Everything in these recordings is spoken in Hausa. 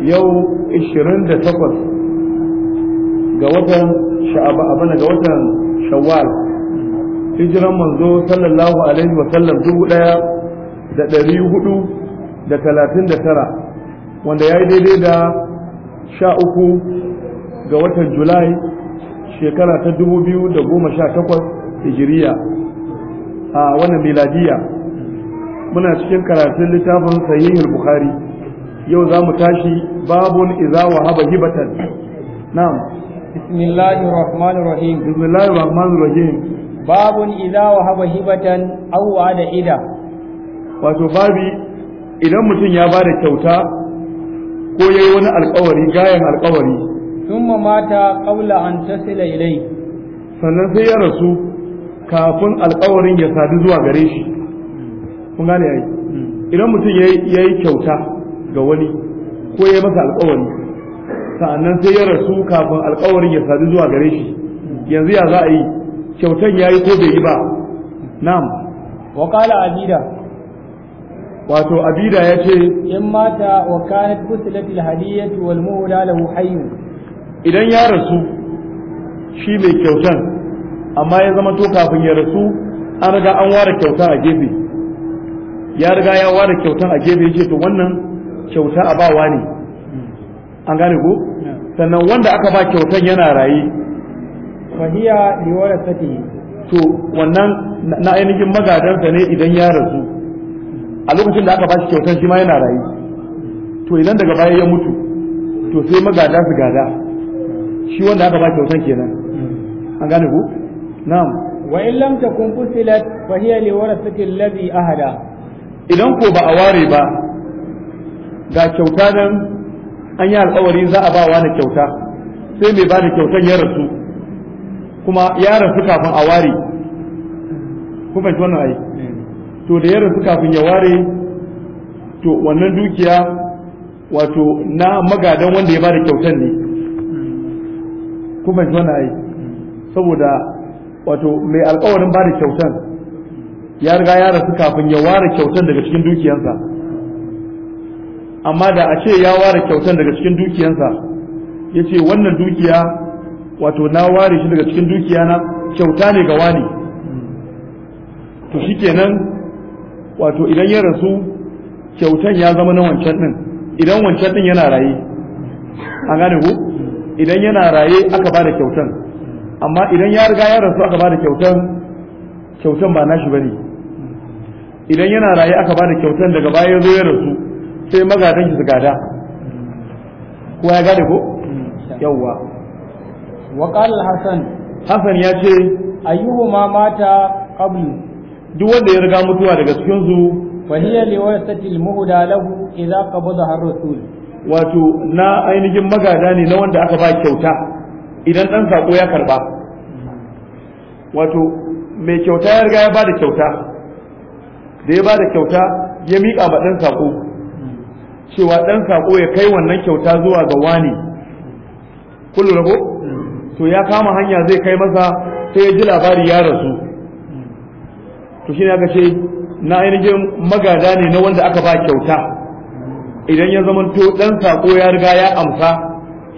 yau 28 ga watan sha'aba ga watan shawwal hijiran manzo sallallahu alaihi wa sallam dubu daya da ɗari hudu da talatin da tara wanda ya yi daidai da sha uku ga watan julai shekara ta dubu biyu da goma sha takwas hijiriya a wannan miladiya muna cikin karatun littafin sahihul bukhari yau za mu tashi babun wa haba hibatan na'am bismillahir rahmanir rahim bismillahir rahmanir rahim babun wa haba hibatan aw wa'ada ida wato babi idan mutum ya bada kyauta ko yayi wani alƙawari gayan alƙawari thumma mata qawla an tasila ilai sannan sai ya rasu kafin alƙawarin ya sadu zuwa gare shi kun gane yayi idan mutum ya yi kyauta ga wani ko ya masa alkawari sa'annan sai ya rasu kafin alkawarin ya sadu zuwa gare shi yanzu ya za a yi kyautan ya yi ko bai yi ba na'am wa qala abida wato abida ya ce in mata wa kanat kusilatil hadiyatu wal muhla lahu hayyun idan ya rasu shi mai kyautan amma ya zama to kafin ya rasu an riga an ware kyauta a gefe ya riga ya ware kyauta a gefe ya ce to wannan kyauta a bawa ne an gane ko sannan wanda aka ba kyautan yana raye fahiya sati to wannan na ainihin magadansa ne idan ya rasu a lokacin da aka ba shi kyautan shi ma yana raye to idan daga baya ya mutu to sai magada su gada shi wanda aka ba kyautan kenan an gane ku na'am wa in lam takun fusilat fahiya hiya li warasati alladhi ahada idan ko ba a ware ba ga kyauta nan an yi alkawari za a ba wa da kyauta sai mai ba da kyautan ya rasu kuma ya rasu kafin a ware ku fahimci wannan ai to da ya rasu kafin ya ware to wannan dukiya wato na magadan wanda ya ba da kyautan ne ku fahimci wannan ai saboda wato mai alkawarin ba da kyautan ya riga ya rasu kafin ya ware kyautar daga cikin dukiyansa amma da a ce ya ware kyautar daga cikin dukiyansa ya ce wannan dukiya wato na ware shi daga cikin dukiyana kyauta ne ga wani to shi kenan wato idan ya rasu kyautan ya zama na wancan din idan wancan din yana raye an gane ku idan yana raye aka ba da kyautan amma idan ya riga ya rasu aka ba da kyautan kyautan ba nashi bane idan yana raye aka bada kyautan daga baya zo ya rasu sai magadan shi su gada kowa ya gada ko yawwa wa qala hasan hasan ya ce ayyuhuma mata qablu duk wanda ya riga mutuwa daga cikin su fa hiya liwasati almuhda lahu idza qabada ar-rasul wato na ainihin magada ne na wanda aka ba kyauta idan dan sako ya karba wato mai kyauta ya riga ya ba da kyauta da ya ba da kyauta ya miƙa ma ɗan saƙo cewa ɗan saƙo ya kai wannan kyauta zuwa ga wani kullu rago to ya kama hanya zai kai masa sai ya ji labari ya rasu to shi ne aka ce na ainihin magada ne na wanda aka ba kyauta idan ya zamanto ɗan saƙo ya riga ya amsa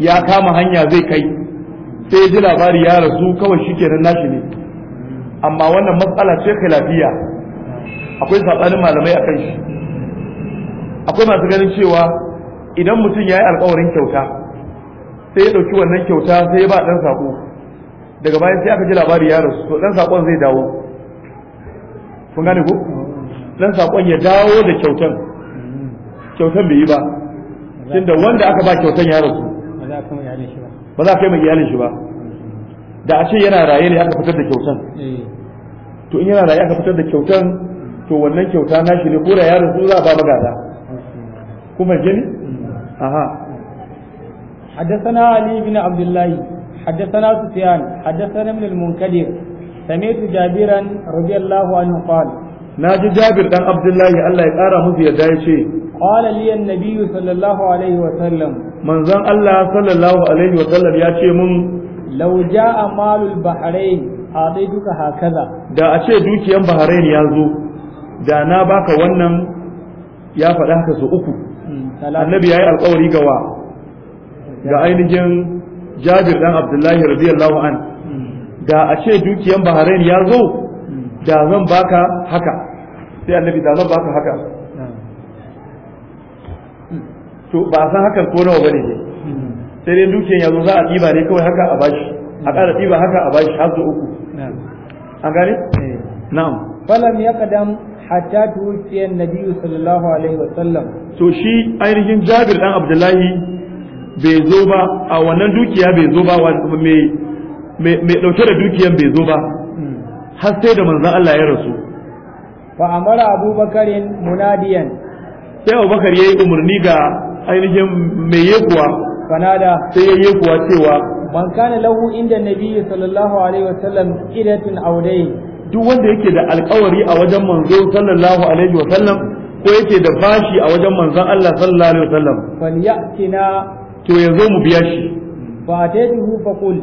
ya kama hanya zai kai sai ya ji labari ya rasu kawai shi kenan nashi ne amma wannan matsala ce lafiya. akwai sabanin malamai akan shi akwai masu ganin cewa idan mutum ya yi alkawarin kyauta sai ya ɗauki wannan kyauta sai ya ba ɗan saƙo daga bayan sai aka ji labari ya rasu to ɗan saƙon zai dawo kun gane ko ɗan saƙon ya dawo da kyautan kyautan bai yi ba tunda wanda aka ba kyautan ya rasu ba za a kai mai iyalin shi ba da a ce yana raye ne aka fitar da kyautan eh. to in yana raye aka fitar da kyautan to wannan kyauta na shi ne ko da yaron su za a ba magada kuma jini aha حدثنا علي بن عبد الله حدثنا سفيان حدثنا ابن المنكدر سمعت جابرا رضي الله عنه قال ناجي جابر دان عبد الله الله يقرا مزي يدا يشي قال لي النبي صلى الله عليه وسلم من زن الله صلى الله عليه وسلم يا شي من لو جاء مال البحرين أعطيتك هكذا da a ce dukiyan Bahrain ya zo da na baka wannan ya faɗa haka su uku annabi ya yi alƙawari ga wa ga ainihin jabir dan abdullahi radiyallahu an da a ce dukiyan bahrain ya zo da zan baka haka sai annabi da zan baka haka to ba a san hakan ko nawa bane ne sai dai dukiyan ya zo za a ɗiba ne kawai haka a bashi a ƙara ɗiba haka a bashi har zo uku an gane eh. na'am falam ya kadam hatta tuwfiya annabi sallallahu alaihi wasallam to shi ainihin Jabir dan Abdullahi bai zo ba a wannan dukiya bai zo ba mai mai dauke da dukiyan bai zo ba har sai da manzon Allah ya rasu fa amara Abubakar munadiyan sai Abubakar yayi umarni ga ainihin mai yekuwa kanada sai yayi yekuwa cewa man kana lahu inda nabi sallallahu alaihi wasallam idatun audayn duk wanda yake da alkawari a wajen manzo sallallahu alaihi wa sallam ko yake da bashi a wajen manzon Allah sallallahu alaihi wa sallam falyatina to yazo mu biya shi fa tatuhu fa qul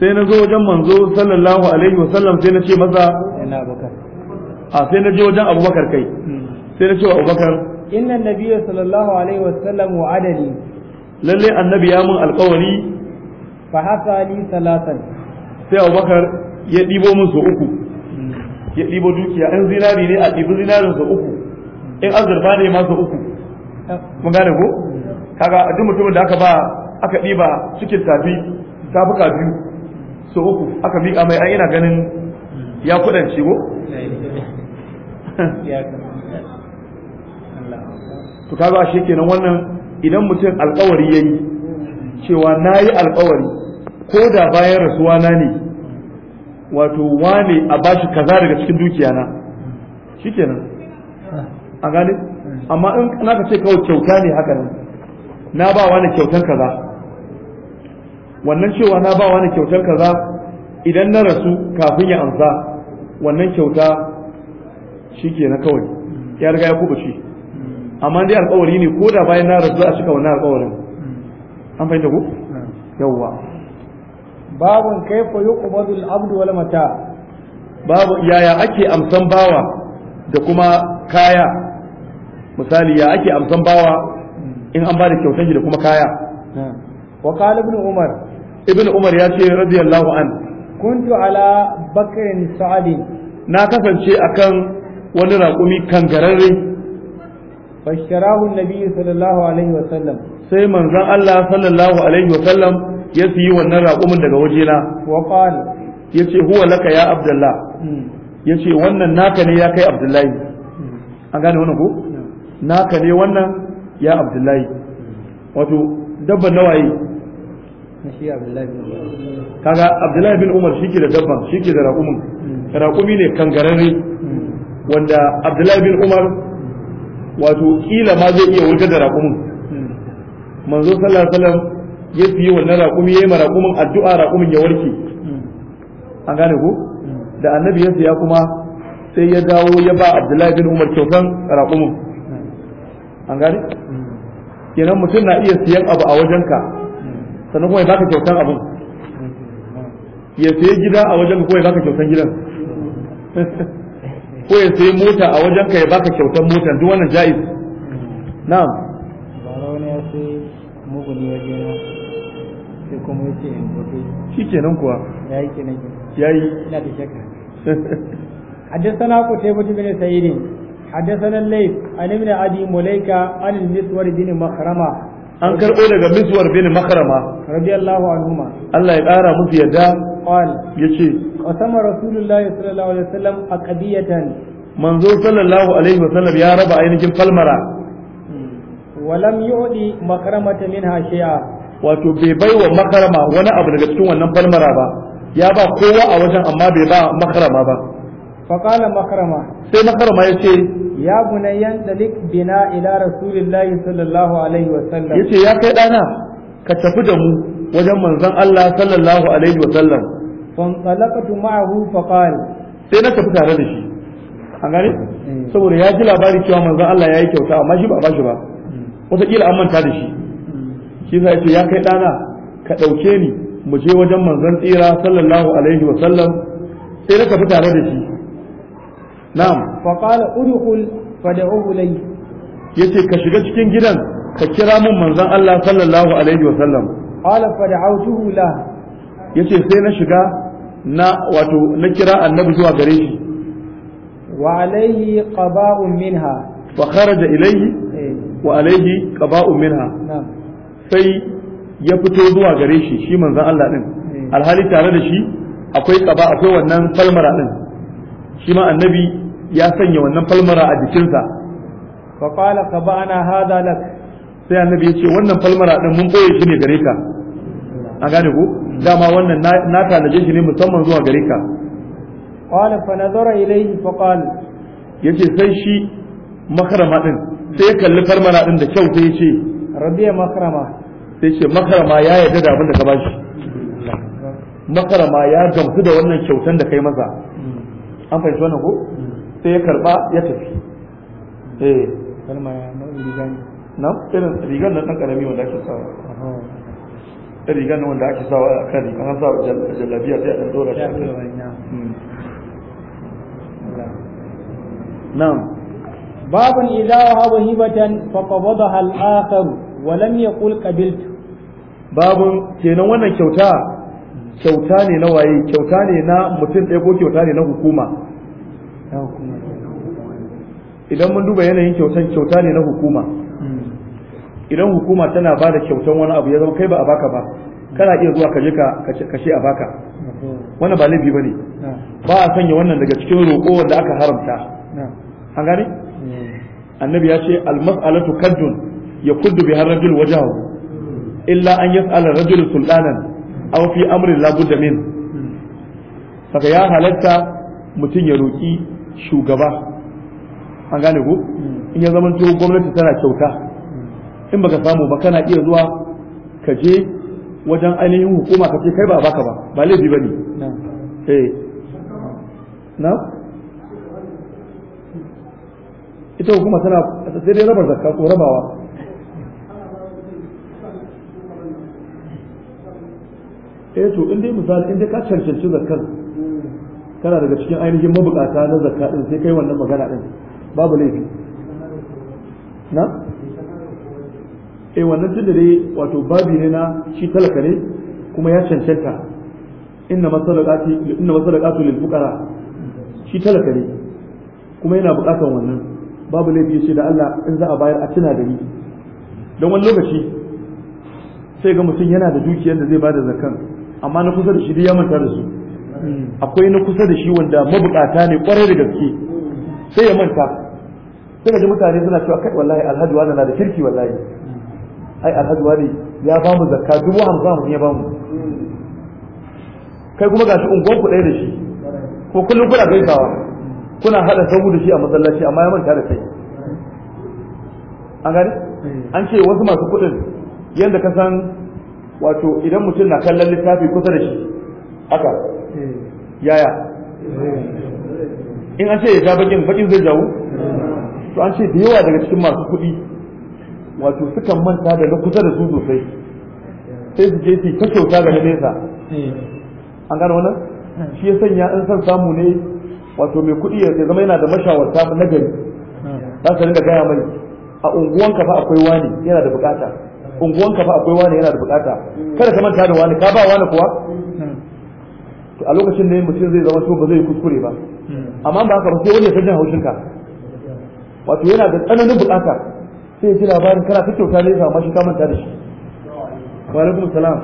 sai na zo wajen manzo sallallahu alaihi wa sallam sai na ce masa ina abubakar. a sai na je wajen abubakar kai hmm. sai na ce wa abubakar inna nabiyyu sallallahu alaihi wa sallam wa adali lalle annabi ya mun alkawari fa hasa li salatan sai abubakar ya ɗibo musu uku ya ɗibo dukiya in zinari ne a ɗibi zinarin sa uku in azurfa ne ma uku mun gane ko kaga duk mutumin da aka ba aka ɗiba cikin tafi tafuka biyu so uku aka miƙa mai ina ganin ya kuɗance ko to kaga ashe kenan wannan idan mutum alƙawari yayi cewa nayi alƙawari ko da bayan rasuwa na ne wato wane a bashi kaza daga cikin dukiya na shikenan a gane amma in na ka ce kawai kyauta ne haka nan na ba wani kyautar kaza wannan cewa na ba wani kyautar kaza idan na rasu kafin ya amsa wannan kyauta na kawai ya riga ya shi amma dai alƙawari ne ko da bayan na rasu a cika wannan alƙawarin an fahimta ku yawwa babun kaifa yuqbadu al-abdu wal mata babu yaya ake amsan bawa da kuma kaya misali ya ake amsan bawa in an bada kyautar shi da kuma kaya wa qala ibn umar ibn umar ya ce radiyallahu an kuntu ala bakrin sa'id na kasance akan wani raƙumi kangararre fashtarahu nabi sallallahu alaihi wa sallam sai manzon Allah sallallahu alaihi wa sallam ya siyi wannan raƙumin daga wajena wa qala yace huwa laka ya abdullah hmm. yace wannan naka ne ya kai abdullahi hmm. an gane wannan ko hmm. naka ne wannan ya abdullahi wato dabban nawaye kaga abdullahi bin umar shi ke da dabban shi ke da raƙumin raƙumi ne kangararre wanda abdullahi bin umar wato kila ma zai iya wurgar da raƙumin manzo sallallahu alaihi wasallam ya fiye wannan raƙumi yayi raƙumin addu'a raƙumin ya warke an gane ko da annabi ya siya kuma sai ya dawo ya ba Abdullahi bin Umar kyautan raƙumin an gane kenan mutum na iya siyan abu a wajenka sannan kuma ya baka kyautan abin ya siya gida a wajenka kuma ya baka kyautan gidan ko ya sai mota a wajen ka ya baka kyautar motar duk wannan jaiz na'am bara ya sai muguni waje na sai kuma yace in gobe shikenan kuwa yayi kenan yayi ina da shakka حدثنا قتيبة بن سعيد حدثنا الليث عن ابن ابي مليكة عن المسور بن مخرمة an karɓo daga miswar bin makarama radiyallahu anhuma Allah ya ƙara musu yadda qala yace qasama rasulullahi sallallahu alaihi wasallam aqdiyatan manzo sallallahu alaihi wasallam ya raba ainihin falmara walam yu'di makramata minha shay'a wato bai baiwa makarama wani abu daga cikin wannan falmara ba ya ba kowa a wajen amma bai ba makarama ba Ya مكرمة سي مكرمة يتي يا بني انطلق بنا إلى رسول الله صلى ya kai وسلم ka tafi da mu. wajen manzon Allah sallallahu alaihi wa sallam fanqalaqtu ma'ahu fa qala sai na tafi tare da shi an gane eh. saboda ya ji labari cewa manzon Allah yayi kyauta amma shi ba a bashi ba kila hmm. an manta da shi hmm. shi sai ce ya kai dana ka dauke ni mu je wajen manzon tsira sallallahu alaihi wa sallam sai na tafi tare da shi na'am fa qala udkhul fad'uhu lay yace ka shiga cikin gidan ka kira mun manzon Allah sallallahu alaihi wa sallam qala fad'awtuhu la yace sai na shiga na wato na kira annabi zuwa gare shi wa alayhi qaba'un minha fa kharaja ilayhi eh. wa alayhi qaba'un minha sai ya fito zuwa gare shi shi manzon Allah din eh. alhali tare da shi akwai qaba akwai wannan falmara din shi ma annabi ya sanya wannan falmara a jikinsa fa qala qaba'ana hadha lak sai annabi ya ce wannan falmara din mun boye shi ne gare ka an gane ko dama wannan na tanaje shi ne musamman zuwa gare ka qala fa nazara ilayhi fa qala yace sai shi makarama din sai ya kalli falmara din da kyau sai ya ce rabiya makarama sai ce makarama ya yarda da abin da ka bashi makarama ya gamsu da wannan kyautan da kai masa an fahimci wannan ko hmm. sai ya karba ya tafi hmm. eh kalma ya na irin rigar ɗan ƙarami ake sawa rigar na a kan rigar sai a ɗan shi hmm. babun idza wahaba wannan kyauta kyauta ne na waye kyauta ne na mutum ɗaya ko kyauta ne na hukuma idan mun duba yanayin kyautan kyauta ne na hukuma idan hukuma tana ba da kyautan wani abu ya zama kai ba a baka ba kana iya zuwa kaje ka ce a baka wannan ba laifi bane ba a sanya wannan daga cikin roƙo wanda aka haramta an gane annabi ya ce almas'alatu kaddun yakuddu bi harajul wajahu illa an yas'ala rajul sultanan aw fi amrin la budda min saka ya halatta mutum ya roƙi shugaba an gane ko in ya zamanto gwamnati tana kyauta in baka samu ba kana iya zuwa ka je wajen ainihin hukuma ka ce kai ba baka ba ba laifi ba ne eh. na ita hukuma tana sai dai rabar zakka ko rabawa eh to in dai misali in dai ka cancanci zakkar kana daga cikin ainihin mabukata na zakka din sai kai wannan magana din babu laifi na eh wannan tunda dai wato babi ne na shi talaka ne kuma ya cancanta inna masadaqati inna masadaqatu lil fuqara shi talaka ne kuma yana buƙatar wannan babu laifi ya ce da Allah in za a bayar a tuna da ni don wani lokaci sai ga mutum yana da dukiyar da zai ba da zakan amma na kusa da shi duk ya manta da su akwai na kusa da shi wanda mabukata ne kwarai da gaske sai ya manta sai ga mutane suna cewa kai wallahi alhaji wannan na da kirki wallahi ai alhaji wani ya ba mu zakka dubu hamsin hamsin ya ba mu kai kuma gashi unguwan ku ɗaya da shi ko kullum kuna gaisawa kuna haɗa sabu da shi a masallaci amma ya manta da kai an gani an ce wasu masu kuɗin yadda ka san wato idan mutum na kallon littafi kusa da shi haka yaya in an ce ya sha bakin bakin zai jawo to an ce da yawa daga cikin masu kuɗi wato sukan manta da na kusa da su sosai sai su je su ta kyauta da na nesa an gano wannan shi ya sanya in san samu ne wato mai kuɗi ya zama yana da mashawarta na gari za su rinka gaya mai a unguwan ka fa akwai wani yana da bukata unguwan ka fa akwai wani yana da bukata kada ka manta da wani ka ba wani kuwa to a lokacin ne mutum zai zama so ba zai kuskure ba amma ba haka ba sai wani ya san jin haushinka. wato yana da tsananin bukata sai ji labarin kana ta kyauta ne amma shi ka manta da shi wa alaikum salam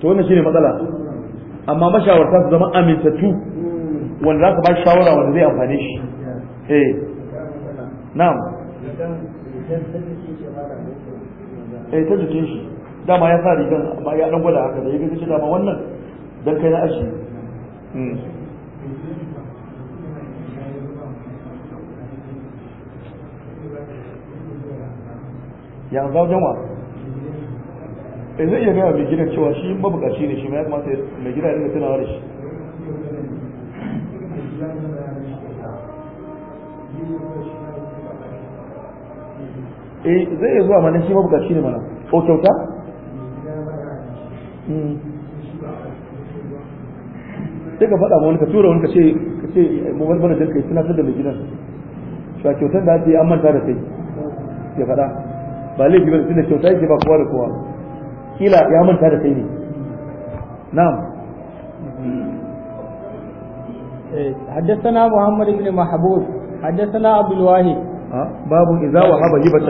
to wannan shine matsala amma mashawarta su zama amintattu wanda za ka ba shawara wanda zai amfane shi eh na'am eh ta jikin shi dama ya sa rigan ya dan gwada haka da ya ga shi dama wannan dan kai na ashi hmm. ya zajen wa eh zai iya gaya mai gidan cewa shi mabukaci ne shi ma ya kamata mai gida ya tunawa da shi eh zai iya zuwa mana shi mabukaci ne mana ko kyauta hmm. sai ka faɗa wani ka tura wani ka ce ka ce eh, mobile manager kai tunatar da mai gidan shi kyautar da ake an manta da kai ya faɗa ba laifi ba tunda kyauta yake ba kowa da kowa kila ya manta da kai ne na'am حدثنا محمد بن محبوب حدثنا عبد الواحد باب إذا وهب هبة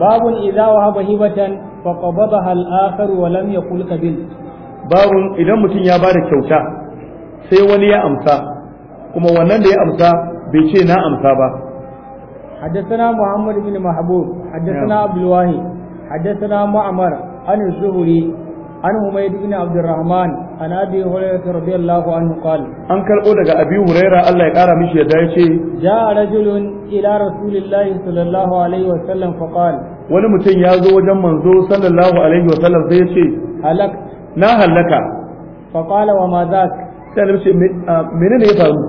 باب إذا وهب هبة فقبضها الآخر ولم يقل قبلت باب إذا متن يا بارك كوتا sai wani ya amsa kuma wannan da ya amsa bai ce na amsa ba حدثنا محمد بن محبوب حدثنا عبد الواحد حدثنا معمر عن الزهري عن حميد بن عبد الرحمن عن ابي هريره رضي الله عنه قال ان daga abi huraira Allah ya kara mishi yadda yace ja rajulun ila rasulillahi sallallahu alaihi wa sallam fa qala wani mutum ya zo wajen manzo sallallahu alaihi wa sallam sai yace halak na halaka fa wa ma zak sai ce menene ya faru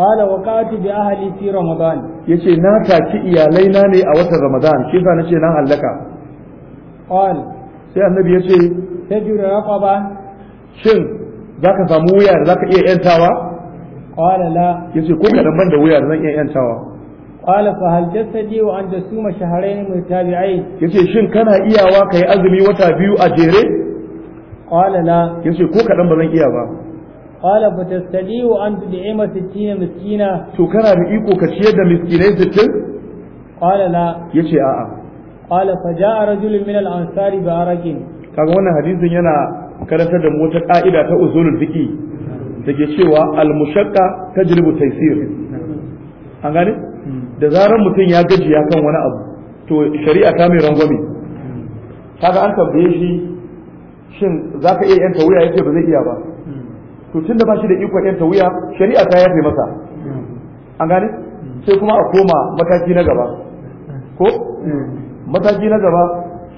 qala waqatu bi ahli fi ramadan yace na taki iyalai na ne a watan ramadan shi yasa ce na hallaka qal sai annabi yace tajru raqaba shin za ka samu wuya da za ka iya yantawa qala Ya ce ko kadan ban da wuya da zan iya yantawa qala fa hal tasdi wa anta suma shahrayn Ya ce shin kana iyawa ka yi azumi wata biyu a jere qala Ya ce ko kadan ba zan iya ba قال fa tastadiu an ستين مسكينة miskina to kana da iko قال لا da آآ 60 قال فجاء رجل a'a qala fa ja'a min al-ansari bi kaga wannan yana karantar da mu wata cewa al taysir an gane da zarar mutum ya gajiya kan wani abu to shari'a ta mai rangwame kaga an tambaye shi shin zaka iya yanka wuya yace ba zai iya ba to da ba shi da ikon yanta wuya shari'a ta yafe masa an gane sai kuma a koma mataki na gaba ko mataki na gaba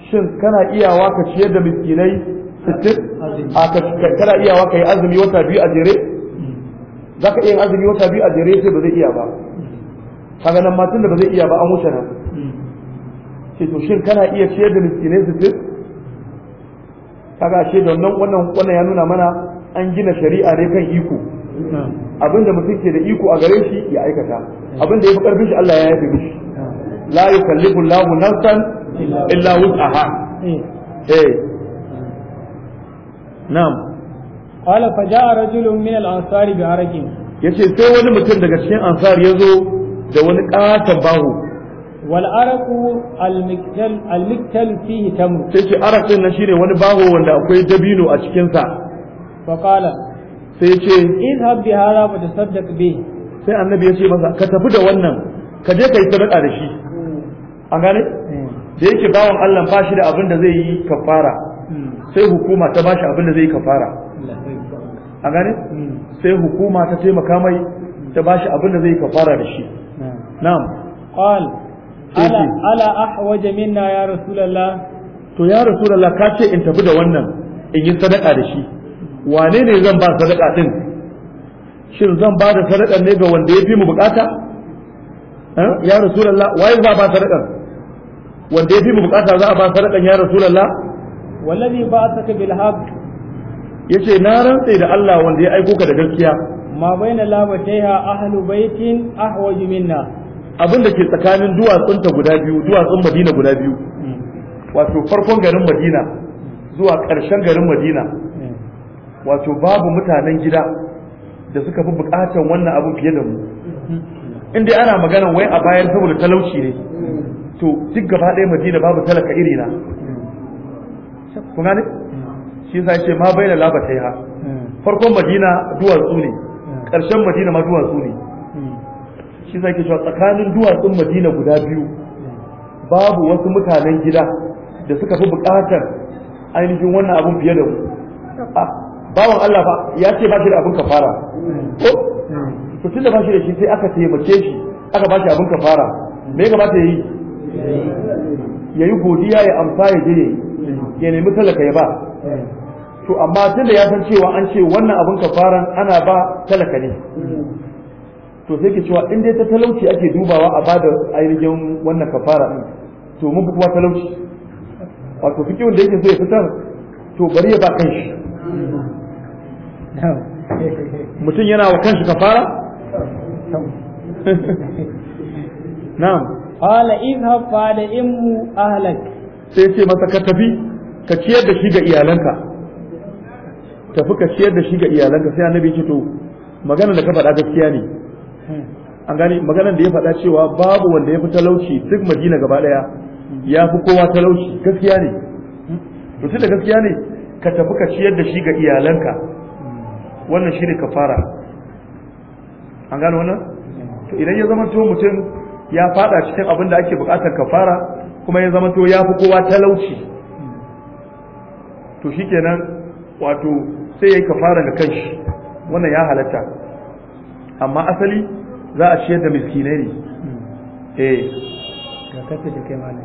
shin kana iyawa ka ciyar da miskinai sittin a kana iyawa ka yi azumi wata biyu a jere za ka iya azumi wata biyu a jere sai ba zai iya ba kaga nan matan da ba zai iya ba an wuce nan ce to shin kana iya ciyar da miskinai sittin kaga ashe don wannan wannan ya nuna mana an gina shari'a ne kan iko abinda mutum ke da iko a gare shi ya aikata abinda ya fi karfin shi Allah ya yafe mishi la yukallifu Allahu nafsan illa wus'aha eh na'am qala fa ja'a rajulun min al-ansari bi arakin yace sai wani mutum daga cikin ansar ya zo da wani katon baho والعرق al-miktal فيه تمر sai ce arak din nan shine wani baho wanda akwai dabino a cikin sa faƙala sai ce in habbi hara ba da saddaq bi sai annabi ya ce masa ka tafi da wannan ka je ka sadaka da shi an gane hmm. da yake bawan Allah ba shi da abin da zai yi kafara hmm. sai hukuma ta bashi abin da zai yi kafara an gane hmm. sai hukuma ta taimaka mai ta bashi abin da zai yi kafara da shi na'am qal ala ala ahwaja minna ya rasulullah to ya rasulullah ka ce in tafi da wannan in yi sadaka da shi wane ne zan ba sadaka din shin zan ba da sadakar ne ga wanda ya fi mu bukata eh, ya rasulullah waye za ba sadakar wanda ya fi mu bukata za a ba sadakar ya rasulullah wallazi ka bil haq yace na rantse da Allah wanda ya aiko ka da gaskiya ma baina labataiha ahlu baitin ahwaj minna abin da ke tsakanin duwatsun ta guda biyu duwatsun Madina guda biyu hmm. wato farkon garin Madina zuwa ƙarshen garin Madina wato babu mutanen gida da suka fi bukatar wannan abu fiye da mu in dai ana magana wai a bayan saboda talauci ne to duk gaba ɗaya madina babu talaka iri na ku gane shi yasa yace ma bai bayyana labatai ha farkon madina duwatsu ne ƙarshen madina ma duwatsu ne shi yasa yake cewa tsakanin duwatsun madina guda biyu babu wasu mutanen gida da suka fi bukatar ainihin wannan abun fiye da mu bawan Allah fa ya ce ba shi da abin kafara ko to tunda ba shi da shi sai aka taimake shi aka ba shi abin kafara me ba ta yi ya yi godiya ya amsa ya je ya nemi talaka ya ba to amma tunda ya san cewa an ce wannan abin kafaran ana ba talaka ne to sai ke cewa in dai ta talauci ake dubawa a bada ainihin wannan kafara din to mun kuma talauci wato fikirin da yake so ya fitar to bari ya ba kanshi mutum yana wa kanshi kafara na'am qala in fa da mu ahlak sai ce masa ka tafi ka ciyar da shi ga iyalanka tafi ka ciyar da shi ga iyalanka sai annabi bai ce to magana da ka faɗa gaskiya ne an gani magana da ya faɗa cewa babu wanda ya fi talauci duk madina gaba ɗaya ya fi kowa talauci gaskiya ne to da gaskiya ne ka tafi ka ciyar da shi ga iyalanka wannan shi ne kafara an gano wannan to idan ya zama to mutum ya fada cikin abin da ake bukatar kafara kuma ya zama to ya fi kowa talauci to shikenan wato sai ya yi kafara ga kanshi wannan ya halatta amma asali za a ciyar da miskinai ne eh ga kasa da kai malam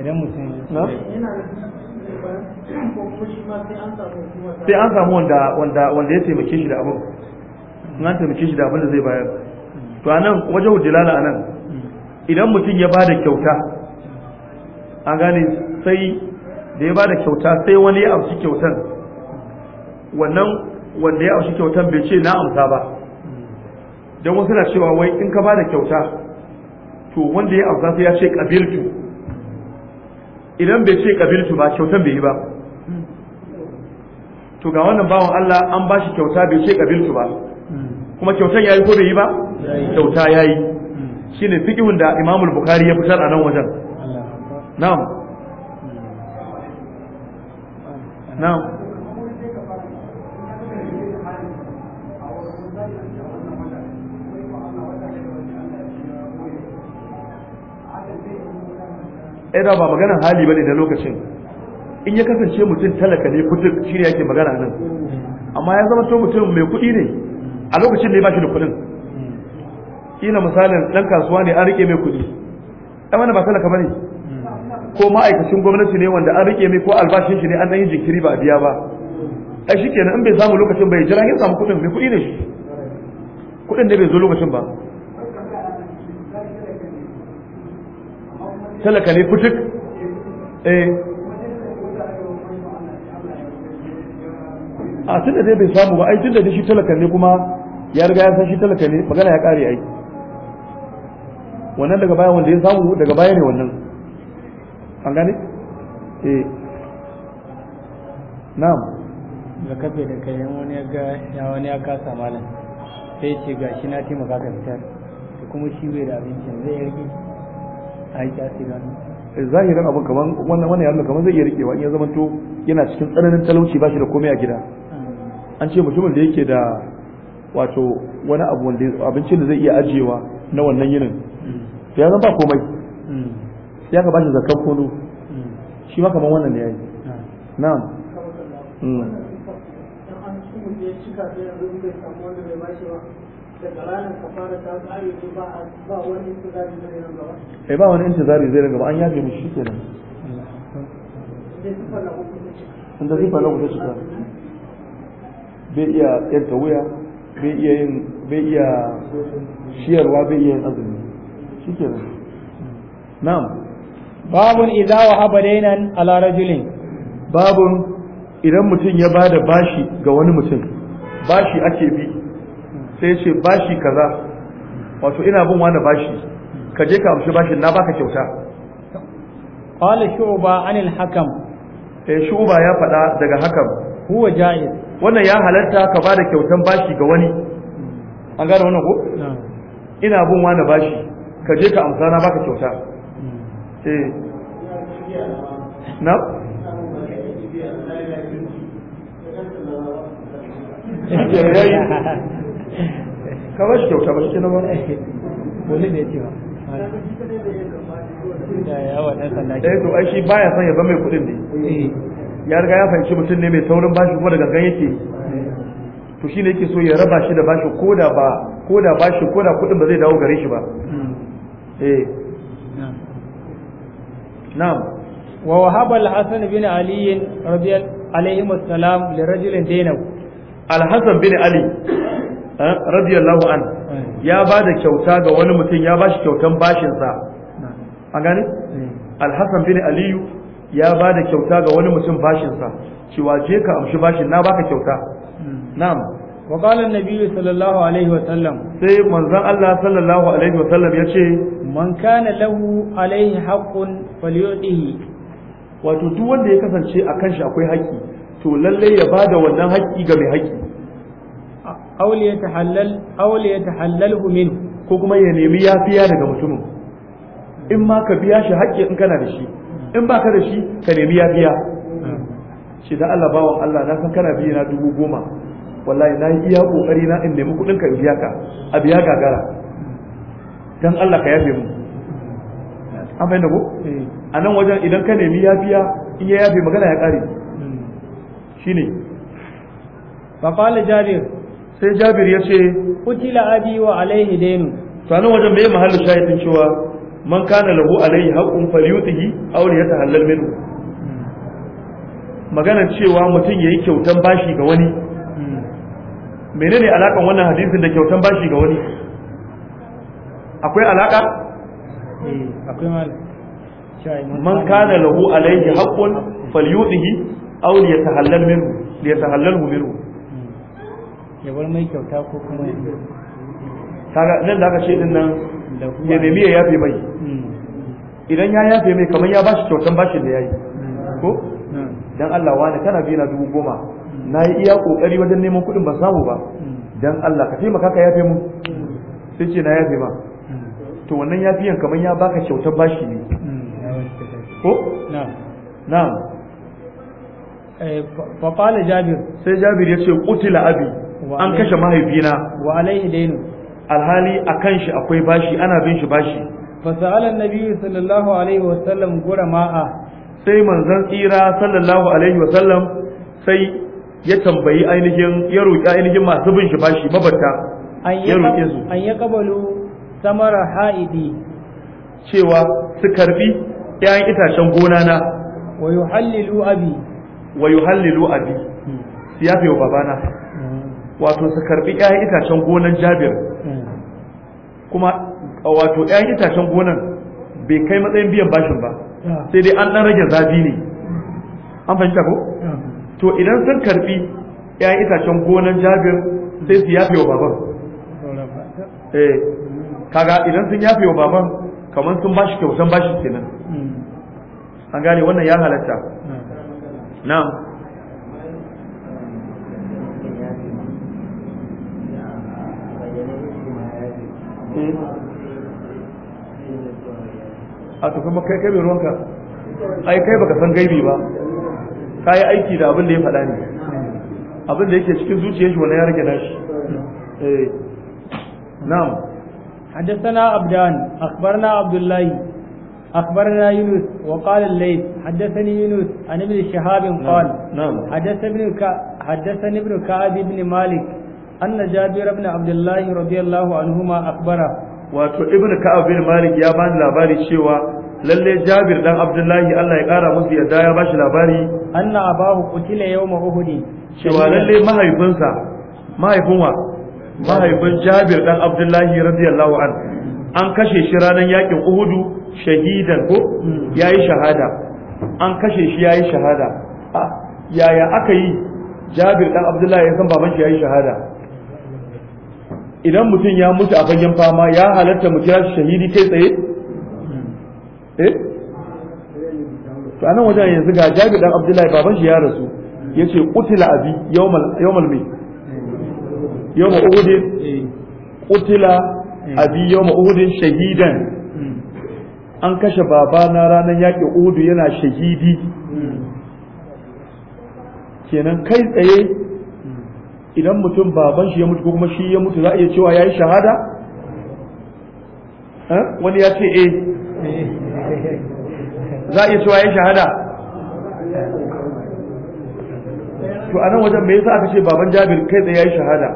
idan mutum sai an samu wanda wanda wanda ya taimake shi da abin in an taimake shi da abin da zai bayar to anan wajen hujjilala anan idan mutum ya bada kyauta an gane sai da ya bada kyauta sai wani ya amshi kyautan wannan wanda ya amshi kyautan bai ce na amsa ba don wasu na cewa wai in ka bada kyauta to wanda ya amsa sai ya ce kabiltu idan bai ce kabiltu ba kyautan bai yi ba to ga wannan bawan Allah an ba shi kyauta bai ce kabiltu ba kuma kyautan yayi ko bai yi ba kyauta yayi shine fiqhun da Imam al-Bukhari ya fitar a nan wajen na'am na'am ai eh, da ba maganar hali bane na lokacin in ya kasance mutum talaka ne kudin shi ne yake magana nan amma ya zama to mutum mai kuɗi ne a lokacin ne ba shi da kuɗin kina misalin ɗan kasuwa ne an rike mai kuɗi dan wanda ba talaka bane ko ma'aikacin gwamnati ne wanda an rike mai ko albashin shi ne an ɗan yi jinkiri ba biya ba ai shi kenan in bai samu lokacin bai jira ya samu kudin mai kuɗi ne shi kuɗin da bai zo lokacin ba talaka ne fituk eh a tunda dai bai samu ba ai tunda dai shi talaka ne kuma ya riga ya san shi talaka ne magana ya kare ai wannan daga baya wanda ya samu daga baya ne wannan an gane eh na'am ga kafe da kayan wani ya ga ya wani ya kasa malam sai ce gashi na taimaka ka fitar kuma shi bai da abincin zai rage ai kyasi gani eh, zahirin abu kaman wannan wannan yaro kaman zai iya rikewa in ya zama to yana cikin tsananin talauci ba shi da komai a gida an ce mutumin da yake da wato wani abu wanda abincin da zai iya ajiyewa na wannan yinin to ya zama ba komai mm. ya ka bashi zakkan kono mm. shi ma kaman wannan ne yayi na'am mm. eh ba wani intizari zai gaba an yafe mishi nan. in da zifa lagu ta cika bai iya yanka wuya bai iya bai iya shiyarwa bai iya yin azumi nan. na'am babun idza wahaba dainan ala rajulin babun idan mutum ya bada bashi ga wani mutum bashi ake bi sai ya ce bashi kaza wato ina bin wani bashi ka je ka amshi bashin na baka kyauta qala shu'ba anil hakam eh shu'ba ya faɗa daga hakam huwa jaiz wannan ya halatta ka ba da kyautan bashi ga wani an gane wannan ko ina bin wani bashi ka je ka amsa na baka kyauta hmm. eh na ka shi kyauta ba shi na wani wani ne ce ba da eh, to ai shi baya son ya zama mai kuɗin ne eh. ya riga ya fahimci mutum ne mai saurin bashi kuma da gangan yake to shi ne yake so ya raba shi da bashi ko da ba ko da bashi ko da kuɗin ba zai dawo gare shi ba hmm. eh na'am ووهب الحسن بن علي رضي الله عليه السلام لرجل al-hasan bin ali Eh, radiyallahu an ya ba da kyauta ga wani mutum ya ba shi kyautan bashinsa an gane alhassan bin aliyu ya ba da kyauta ga wani mutum bashinsa cewa je ka amshi bashin na baka kyauta hmm. na'am wa qala an-nabiy sallallahu alaihi wa sallam sai manzon Allah sallallahu alaihi wa sallam yace man kana lahu alaihi haqqun falyu'tihi wato duk wanda ya kasance akan shi akwai haƙƙi to lalle ya bada wannan haƙƙi ga mai haƙƙi aw ya tahallal aw li yatahallalhu minhu ko kuma ya nemi yafiya daga mutumin in ma ka biya shi haƙƙi in kana da shi in ba ka da shi ka nemi yafiya shi da Allah bawan Allah na san kana biya na dubu goma wallahi na yi iya kokari na in nemi kuɗin ka biya ka a biya gagara dan Allah ka yafe mu an fahimta ko a nan wajen idan ka nemi yafiya in ya yafe magana ya ƙare shine fa qala jarir sai jabir ya ce kutila abi wa alaihi dainu to nan wajen bai mahallin shahidin cewa man kana lahu alaihi haqqun falyutihi aw yatahallal minhu magana cewa mutum yayi kyautan bashi ga wani menene alakan wannan hadisin da kyautan bashi ga wani akwai alaka eh, akwai malam man kana lahu alaihi haqqun falyutihi aw yatahallal minhu yatahallal minhu ya bar mai kyauta ko kuma ya kaga nan da aka ce din nan ya nemi ya yafe mai idan ya yafe mai kamar ya bashi kyautan bashin da yayi ko dan Allah wani kana bi na dubu goma na yi iya kokari wajen neman kuɗin ba samu ba dan Allah ka taimaka ka yafe mu sai ce na yafe ma to wannan yafiyan kamar ya baka kyautan bashi ne ko na'am na. fa qala jabir sai jabir yace qutila abi an kashe mahaifina wa alaihi dainu alhali kan shi akwai bashi ana bin shi bashi fasa'ala annabi sallallahu alaihi wa sallam gurama'a sai manzon tsira sallallahu alaihi wa sallam sai ya tambayi ainihin ya roƙi ainihin masu bin shi bashi mabatta. ya roƙe su an ya kabalu samara ha'idi cewa su karbi ƴaƴan itacen gona na wa yuhallilu abi wa yuhallilu abi hmm. siyafe wa babana wato su karbi ƴaƴan itacen gonan jabir kuma wato ƴaƴan itacen gonan bai kai matsayin biyan bashin ba sai dai an dan rage zafi ne an fahimta ko to idan sun karbi ƴaƴan itacen gonan jabir sai su yafe wa baban eh kaga idan sun yafe wa baban kamar sun bashi kyautan bashi kenan an gane wannan ya halatta na'am a tafi kai kai mai ruwanka ai kai baka san gaibi ba ka yi aiki da abin da ya faɗa ne abin da yake cikin zuciyar shi wani ya rage nashi eh. na'am حدثنا عبدان أخبرنا عبد الله أخبرنا يونس وقال الليث حدثني يونس عن ابن شهاب قال نعم حدث ابن ك... حدثني ابن كعب بن مالك anna jabir ibn abdullahi radiyallahu anhuma akbara wato ibn ka'ab bin malik ya bani labari cewa lalle jabir dan abdullahi Allah ya kara musu yadda ya bashi labari anna abahu qutila yawma uhud cewa lalle mahaifinsa mahaifin wa mahaifin jabir dan abdullahi radiyallahu an an kashe shi ranar yakin uhudu shahidan ko yayi shahada an kashe shi yayi shahada yaya aka yi jabir dan abdullahi ya san baban shi yayi shahada idan mutum ya mutu a fagen fama ya halatta mu kira shi shahidi kai tsaye eh to anan wajen yanzu ga jabi dan Abdullahi baban shi ya rasu yace qutila abi yawmal yawmal mai yawmal uhud qutila abi yawmal uhud shahidan an kashe baba na ranar yaƙi uhud yana shahidi kenan kai tsaye idan mutum baban shi ya mutu ko kuma shi ya mutu za a iya cewa ya yi shahada eh? wani ya ce eh za a iya cewa ya yi shahada to anan wajen me yasa aka ce baban jabir kai tsaye ya yi shahada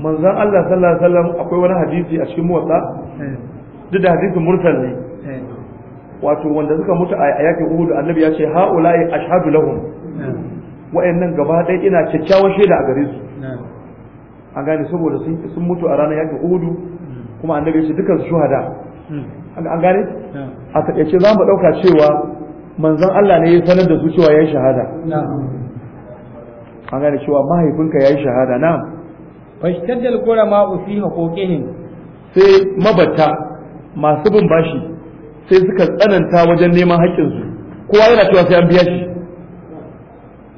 manzan Allah sallallahu alaihi wasallam akwai wani hadisi a cikin motsa duk da hadisin Murtali. ne wato wanda suka mutu a yakin Uhudu annabi ya ce haula'i ashhadu lahum wa'annan gaba ɗaya ina kyakkyawan shaida a gare su an gane saboda sun mutu a ranar yakin Uhudu hmm. kuma annabi ya ce dukkan shuhada hmm. an gane a takaice za mu ɗauka cewa manzon Allah ne ya sanar da su cewa ya yi shahada an gane cewa mahaifinka ya yi shahada na fashtar da alkura ma ufi haƙoƙihin sai mabata masu bin bashi sai suka tsananta wajen neman haƙƙinsu kowa yana cewa sai an biya shi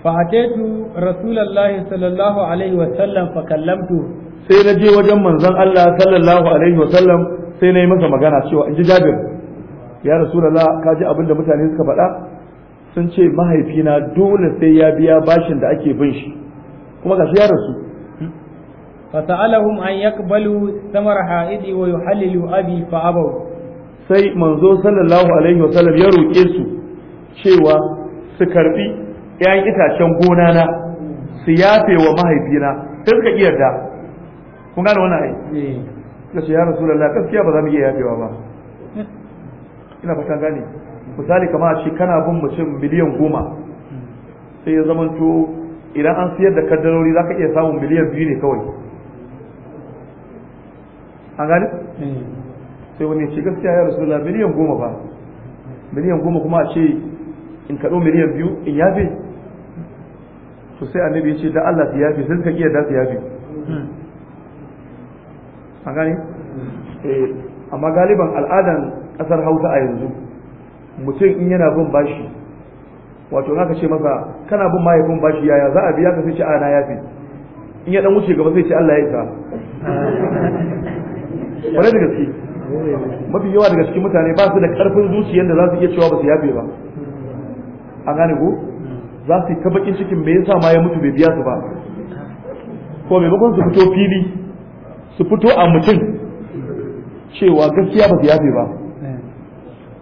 فأتيت rasulullahi sallallahu alaihi wa sallam, fa kallamtu sai na je wajen manzon Allah sallallahu alaihi wa sallam sai na yi masa magana cewa in ji Jabir ya Rasulullah ka ji abin da mutane suka faɗa sun ce mahaifina dole sai ya biya bashin da ake bin shi kuma shi ya rasu fasa'alahum an yaqbalu samar ha'idi wa yuhallilu abi fa abaw sai manzo sallallahu alaihi wasallam ya roƙe su cewa su karbi ƴan itacen gona na su yafe wa mahaifina sai suka iya da kun gane wannan ai eh. Ka ce ya rasulullahi gaskiya ba za mu iya yafewa ba ina fatan gane misali kamar a ce kana bin mutum miliyan goma sai ya to idan an siyar da kaddarori za ka iya samun miliyan biyu ne kawai an gane eh. sai wani ce gaskiya ya rasu miliyan goma ba miliyan goma kuma a ce in kaɗo miliyan biyu in yafe to sai annabi ya ce da Allah su yafe sai suka iya da su yafe an gane eh, amma galiban al'adan ƙasar hausa a yanzu mutum in yana bin bashi wato ka ce masa kana bin mahaifin bashi yaya za a biya ka sai ce ana yafe in ya dan wuce gaba sai ce Allah ya isa wani da gaske mafi yawa daga cikin mutane ba su da karfin zuciyar da za su iya cewa ba su yafe ba an gane ko za su ta bakin cikin me yasa ma ya mutu bai biya su ba ko bakon su fito fili su fito a mutum cewa gaskiya ba su yafe ba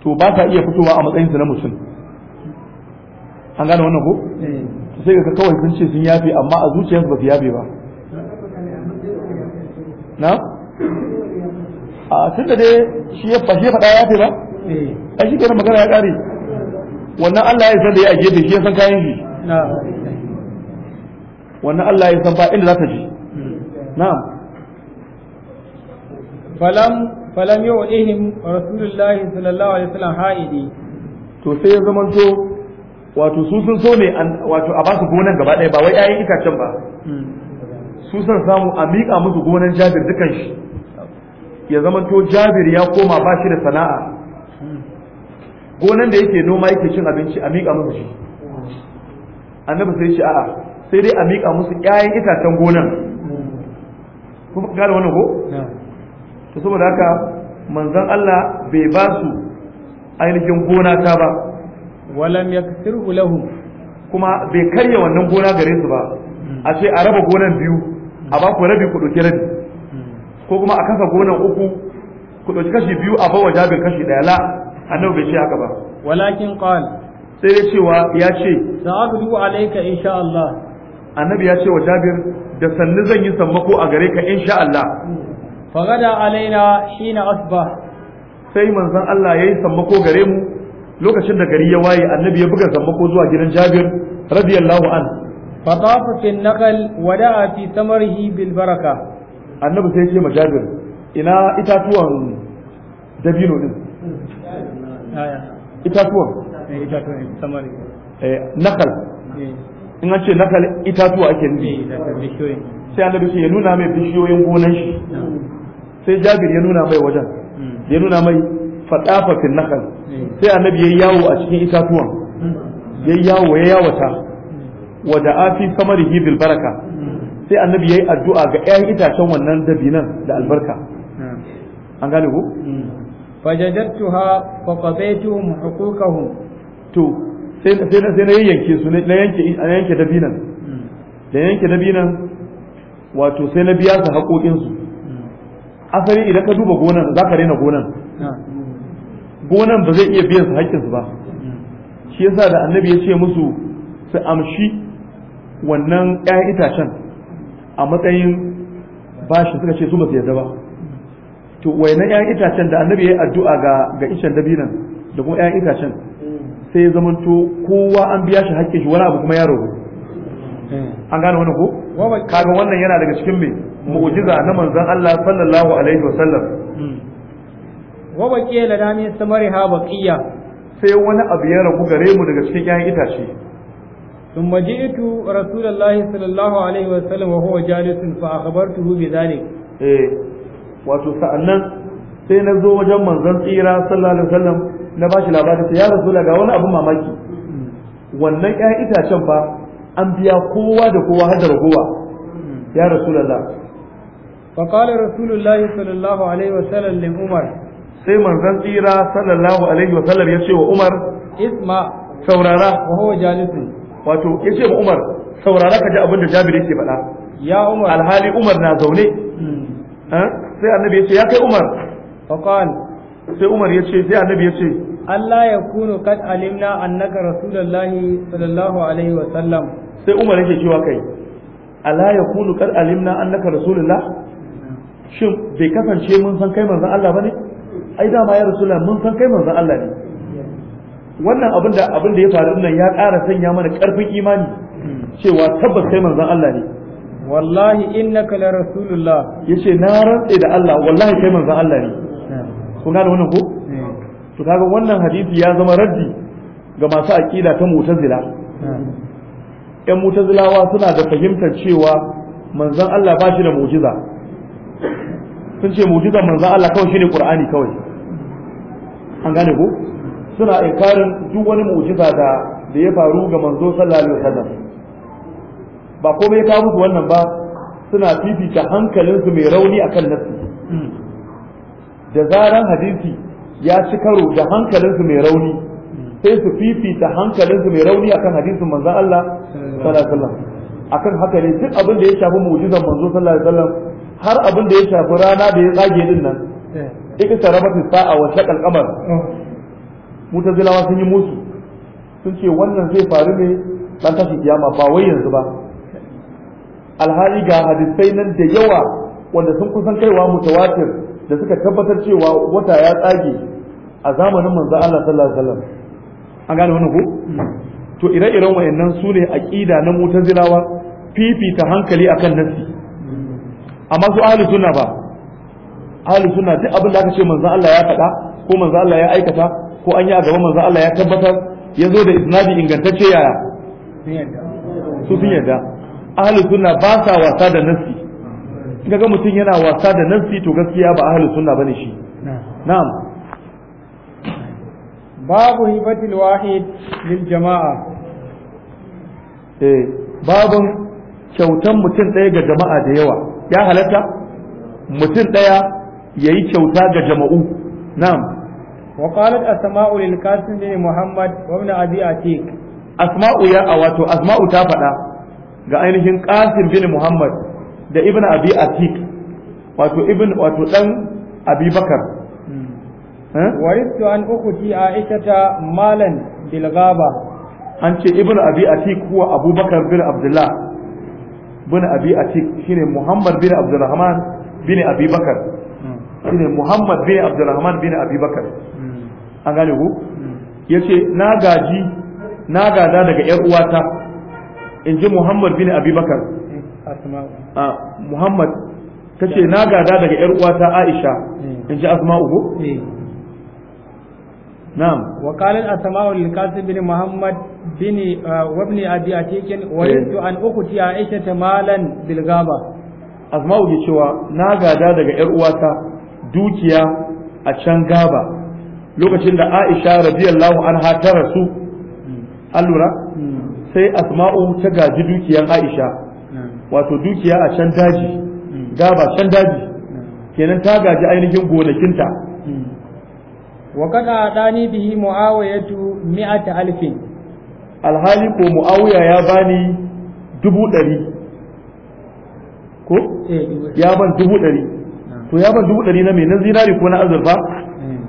to ba ta iya fitowa a matsayin su na mutum an gane wannan ko sai ga kawai sun ce sun yafe amma a zuciyarsu ba su yafe ba na'am a tunda dai shi ya fashe faɗa ya fi ba eh. a shi kenan magana ya ƙare wannan Allah ya san da ya ajiye da shi ya san kayan shi wannan Allah ya san ba inda za ta ji hmm. na'am falam falam ihim, rasulullahi sallallahu alaihi wasallam haidi to sai ya zamanto wato su sun so ne wato a ba su gonan gaba ɗaya ba wai ayin itacen ba hmm. su san samu a miƙa musu gonan jabir dukan shi ya zamanto jabir ya koma ba shi da sana'a gonan da yake noma yake cin abinci a miƙa musu shi annabi sai shi a'a sai dai a miƙa musu ƴaƴan itacen gonan kuma gane wannan ko to saboda haka manzon Allah bai ba su ainihin gona ta ba walam yaktiru lahum kuma bai karya wannan gona gare su ba hmm. a ce a raba gonan biyu a ba ku rabi ku doke rabi ko kuma a kasa gonan uku ku ɗauki kashi biyu a bawa jabir kashi ɗaya la annabi bai ce haka ba walakin qal sai ya cewa ya ce sa'adu alayka insha Allah annabi ya ce wa jabir da sannu zan yi sammako a gare ka insha Allah fagada alaina shine asba sai manzon Allah yayi sammako gare mu lokacin da gari ya waye annabi ya buga sammako zuwa gidan Jabir radiyallahu an fatafa fi naqal wada'a fi samarihi bil baraka annabi sai ya ce majabir ina itatuwan dabino din itatuwan eh, eh, eh, nakal in an ce nakal itatuwa ake nufi sai annabi ce ya nuna mai bishiyoyin gonan shi sai jabir ya nuna mai wajen hmm. ya nuna mai fadafafin nakal sai annabi ya yawo a cikin itatuwan hmm. ya yawo ya yawata hmm. wa da afi samari hibil baraka sai annabi yayi addu'a ga 'ya'yan itacen wannan dabinan da albarka hmm. an gane ko hmm. fajadtuha fa qadaytuhum huquqahum to sai sai sai na yanke su na yanke na yanke dabinan hmm. da yanke dabinan wato sai na biya su haƙoƙin su asali idan ka duba gonan za ka rena gonan ah. gonan ba zai iya biyan su haƙƙin su ba shi yasa da annabi ya ce musu su amshi wannan 'ya'yan itacen a matsayin bashi suka ce su ba su yarda ba to wayannan 'ya'yan itacen da annabi ya yi addu'a ga ga icen dabinan da kuma 'ya'yan itacen sai ya to kowa an biya shi hakkin shi wani abu kuma ya rabu an gane wani ko kaga wannan yana daga cikin mai mu'jiza na manzon Allah sallallahu alaihi wa sallam wa baqiya la dami samariha baqiya sai wani abu ya rabu gare mu daga cikin 'ya'yan itace ثم جئت رسول الله صلى الله عليه وسلم وهو جالس فأخبرته بذلك eh wato sa'annan sai na zo wajen manzon tsira sallallahu alaihi wasallam na shi labarin sai ya rasula daga wani abin mamaki wannan ƴaƴan itacen ba an biya kowa da kowa har da ragowa ya rasulullah fa qala rasulullahi sallallahu alaihi wa wasallam li umar sai manzon tsira sallallahu alaihi wa wasallam ya ce wa umar isma saurara wa huwa jalisun wato ya ce ma umar saurara ka ji abin da jabir yake faɗa ya umar alhali umar na zaune hmm. sai annabi ya ce ya kai umar faqal sai umar ya ce sai annabi ya ce Allah ya kunu kad alimna annaka rasulullahi sallallahu alaihi wa sallam sai umar yake cewa kai Allah ya kunu kad alimna annaka rasulullah hmm. shin bai kasance mun san kai manzon Allah bane ai dama ya rasulullah mun san kai manzon Allah ne wannan abin da abin da ya faru nan ya ƙara sanya mana ƙarfin imani cewa tabbas kai manzon Allah ne wallahi innaka la rasulullah yace na rantse da Allah wallahi kai manzon Allah ne kun gane wannan ko to kaga wannan hadisi ya zama raddi ga masu aqida ta mu'tazila ƴan mu'tazilawa suna da fahimtar cewa manzon Allah ba shi da mu'jiza sun ce mu'jizar manzon Allah kawai shine Qur'ani kawai an gane ko suna inkarin duk wani mu'jiza da da ya faru ga manzo sallallahu alaihi wasallam ba komai ka musu wannan ba suna fifita hankalinsu mai rauni akan nafsi da zaran hadisi ya ci karo da hankalinsu mai rauni sai su fifita hankalinsu mai rauni akan hadisin manzo Allah sallallahu alaihi wasallam akan haka ne duk abin da ya shafi mu'jizan manzo sallallahu alaihi wasallam har abin da ya shafi rana da ya tsage din nan eh. ikin rabatin sa'a wa shaqal qamar oh. mutazilawa sun yi musu sun ce wannan zai faru ne dan tashi kiyama ba wai yanzu ba alhali ga hadisai nan da yawa wanda sun kusan kaiwa mutawatir da suka tabbatar cewa wata ya tsage a zamanin manzo Allah sallallahu alaihi wasallam an gane wannan ko to ire-iren wayannan su ne aqida na mutazilawa fifita hankali akan nafsi amma su ahli sunna ba ahli sunna duk abin da aka ce manzo Allah ya faɗa ko manzo Allah ya aikata ko an yi a gaban manzo Allah ya tabbatar ya zo da isnadi ingantacce yaya su sun yarda ahlus sunna ba sa wasa da nassi kaga mutum yana wasa da nassi to gaskiya ba suna sunna bane shi na'am babu hibatil wahid lil jama'a eh babun kyautan mutum ɗaya ga jama'a da yawa ya halatta mutum ɗaya ya yi kyauta ga jama'u na'am وقالت أسماء للقاسم بن محمد وابن أبي عتيق أسماء يا أواتو أسماء ga ainihin Qasim bin Muhammad da Ibn Abi Atik wato Ibn Abi Bakar hmm. waristu an ukhti Aisha ta malan bil an ce Ibn Abi Atik Abu Bakar bin Abdullah bin Abi shine Muhammad bin Abdurrahman bin Abi Bakar hmm. shine Muhammad bin Abdurrahman bin Abi Bakar an gane ku yace na gaji na gaza daga yar uwata in ji Muhammad bin Abubakar a Muhammad tace na gaza daga yar uwata Aisha hmm. in ji Asma'u ko نعم وقال الأسماء للقاسم بن محمد بن وابن أبي أتيك وردت أن أختي عائشة مالا بالغابة أسماء cewa na gada daga ‘yar uwata dukiya a can gaba lokacin da Aisha radiyallahu anha ta rasu allura sai Asma'u ta gaji dukiyan Aisha wato dukiya a can daji gaba can daji kenan ta gaji ainihin gonakinta wa kada dani bihi muawiyatu mi'ata alfin alhali ko muawiya ya bani dubu ɗari ko eh, ya ban dubu ɗari to ya ban dubu ɗari na mai na zinari ko na azurfa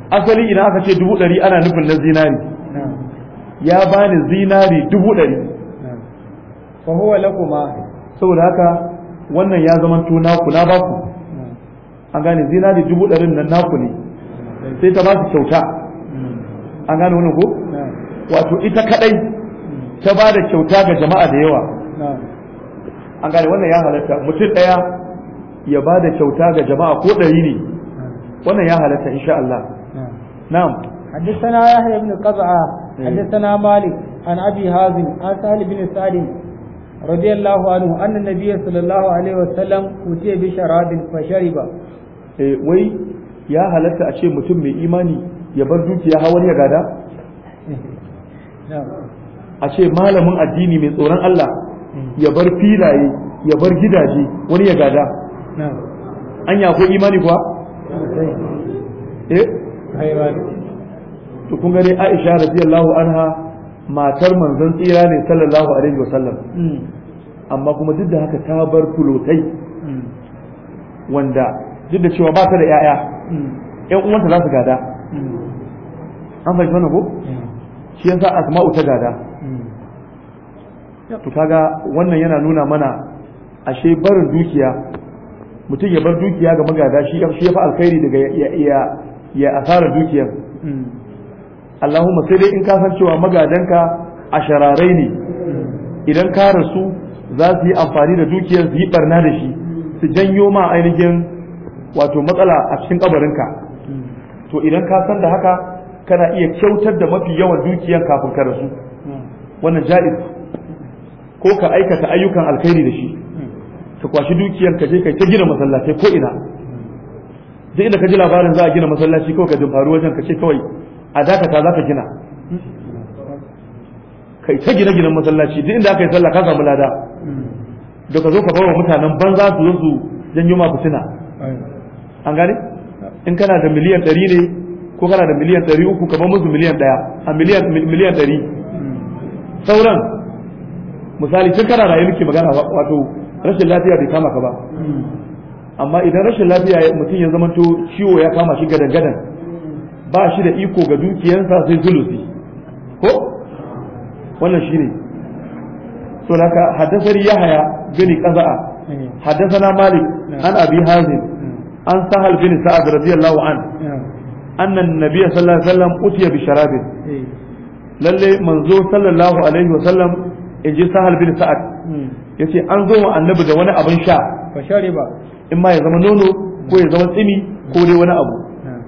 asali idan aka ce dubu ɗari ana nufin na zinari ya bani zinari dubu ɗari fa huwa lakuma saboda haka wannan ya zama tuna ku na baku an gane zinari dubu ɗarin nan naku ne sai ta ba su kyauta an gane wani ko wato ita kadai ta ba da kyauta ga jama'a da yawa an gane wannan ya halatta mutum ɗaya ya ba da kyauta ga jama'a ko ɗari ne wannan ya halatta insha Allah نعم حدثنا يحيى بن قزعة حدثنا مالك عن أبي هازم عن سهل بن سعد رضي الله عنه أن النبي صلى الله عليه وسلم أتي بشراب فشرب وي يا هلتا أشي متم إيماني ya bar يا hawan يا غادا a ce malamin addini mai tsoron Allah ya bar filaye ya bar وني يا غادا نعم an يا ko imani kuwa eh haiwa ne to kun gani Aisha radiyallahu anha matar manzon tsira ne sallallahu alaihi wasallam hmm. amma kuma duk da haka ta bar kulotai. Hmm. wanda duk da cewa ba ta da yaya hmm. ƴan uwanta za su gada an fahimci wannan ko shi yasa asma'u ta gada to kaga wannan yana nuna mana ashe barin dukiya mutum ya bar dukiya ga magada shi ya fi alkhairi daga ya ya asara dukiyar hmm. Allahumma sai dai in ka san cewa magadanka a shararai ne idan ka rasu za su yi amfani da dukiyar su yi barna da shi su janyo ma ainihin wato matsala a cikin kabarinka hmm. to idan ka san da haka kana iya kyautar da mafi yawan dukiyar kafin ka rasu hmm. wannan ja'iz ko ka aikata ayyukan alkhairi da shi ka kwashi dukiyar ka je kai ta gina masallatai ko ina duk inda ka ji labarin za a gina masallaci kawai ka jin faru wajen ka ce kawai a dakata za ka gina kai ta gina ginin masallaci duk inda aka yi sallah ka samu lada da ka zo ka bawa mutanen banza su zo su janyo ma fitina an gane in kana da miliyan ɗari ne ko kana da miliyan ɗari uku ka bar musu miliyan ɗaya a miliyan miliyan ɗari sauran misali tun kana rayu muke magana wato rashin lafiya bai kama ka ba amma idan rashin lafiya mutum ya zamanto ciwo ya kama shi gadan gadan ba shi da iko ga dukiyansa sai zulusi ko wannan shine to laka haddathani yahya bin qaza'a haddathana malik an abi hazim an sahal bin sa'ad radiyallahu an anna an-nabiy sallallahu alaihi wasallam utiya bi sharabin lalle manzo sallallahu alaihi wasallam inji sahal bin sa'ad hmm. yace an zo wa annabi da wani abin sha fa shariba in ma ya zama nono ko ya zama tsimi ko dai wani abu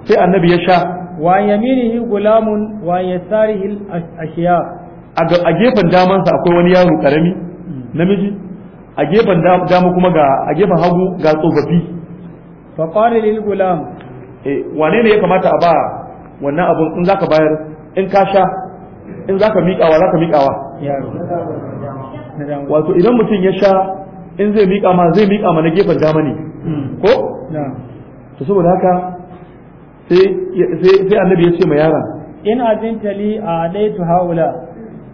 sai annabi ya sha wa yaminihi gulamun wa yasarihi ashiya a gefen damansa akwai wani yaro karami namiji a gefen dama kuma ga a gefen hagu ga tsofaffi fa qala lil gulam eh wane ne ya kamata a ba wannan abun in zaka bayar in ka sha in zaka miƙawa zaka miƙawa wato idan mutum ya sha in zai miƙa ma zai miƙa ma na gefen dama ne ko to saboda haka sai sai annabi ya ce ma yaran. in azinta li a daitu haula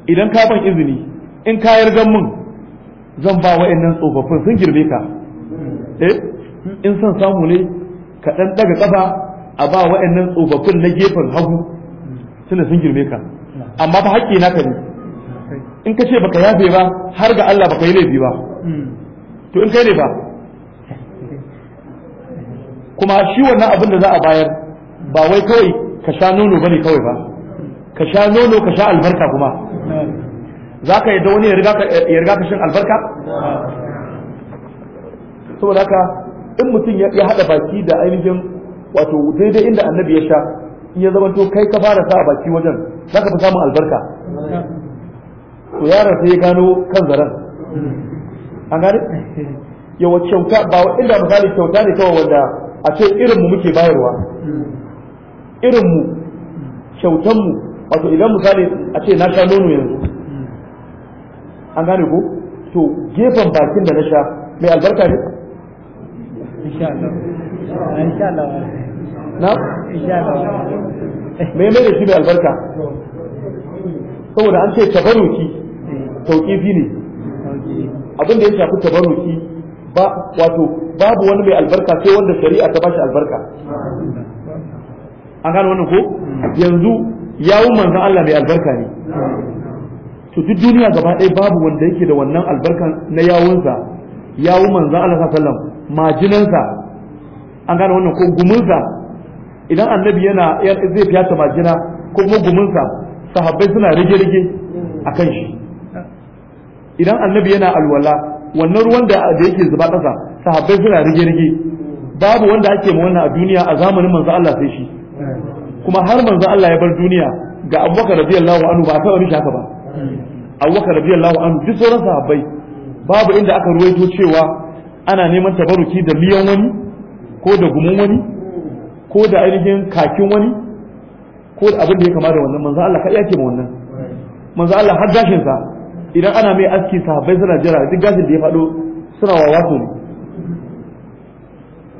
idan ka ban izini in ka yarda mun zan ba wa'annan tsofaffin sun girbe ka eh in son samu ne ka dan daga kafa a ba wa'annan tsofaffin na gefen hagu tunda sun girbe ka amma fa haƙƙi naka ne in ka ce baka yafe ba har ga Allah baka yi laifi ba hmm. to in kai ne ba kuma shi wannan abin da za a bayar ba wai kawai ka sha nono bane kawai ba ka sha nono ka sha albarka kuma za ka yadda wani ya riga ka shin albarka saboda haka in mutum ya haɗa baki da ainihin wato daidai inda annabi ya sha in ya zama to kai ka fara sa baki wajen za ka fi samun albarka to yaron sai ya gano kan zaren an gane yawa kyauta ba inda misali kyauta ne kawai wanda a ce irin mu muke bayarwa irin mu kyautan mu wato idan misali a ce na sha nono yanzu an gane ko to gefen bakin da na sha mai albarka ne na? mai mai da shi mai albarka saboda an ce tabaruki tauƙifi ne abin da ya shafi tabaruki ba wato babu wani mai albarka sai wanda shari'a ta bashi albarka an gano wannan ko yanzu yawun manzon Allah mai albarka ne to duk duniya gaba ɗaya babu wanda yake da wannan albarka na yawunsa yawun manzon Allah sallallahu alaihi wasallam majinansa an gano wannan ko gumunsa idan annabi yana zai fiyata majina ko kuma gumunsa sahabbai suna rige-rige a kan shi idan annabi yana alwala wannan ruwan da yake zuba ƙasa sahabbai suna rige-rige babu wanda ake ma wannan a duniya a zamanin manzo Allah sai shi kuma har manzo Allah ya bar duniya ga abubakar radiyallahu anhu ba a taɓa mishi haka ba abubakar radiyallahu anhu duk sauran sahabbai babu inda aka ruwaito cewa ana neman tabaruki da miyan wani ko da gumun wani ko da ainihin kakin wani ko da abin da ya kama da wannan manzo Allah iya yake ma wannan manzo Allah har gashin sa idan ana mai aski sahabbai suna jira duk gashin da ya faɗo suna wa wato ne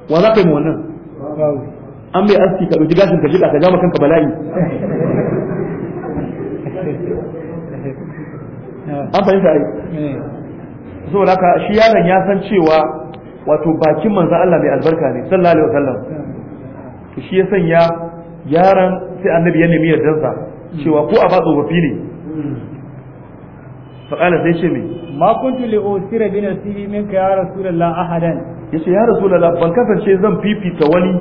wa za ka yi wannan an mai aski ka ɗauki gashin ka jiɗa ka ja kanka bala'i an fahimta ai da ka shi yaron ya san cewa wato bakin manzon Allah mai albarka ne sallallahu alaihi wasallam to shi ya sanya yaron sai annabi ya nemi yardarsa cewa ko a ba tsofaffi ne faƙala sai ce me ma kuntu li usira bi nasibi minka ya rasulullah ahadan yace ya rasulullah ban kasance zan fifita wani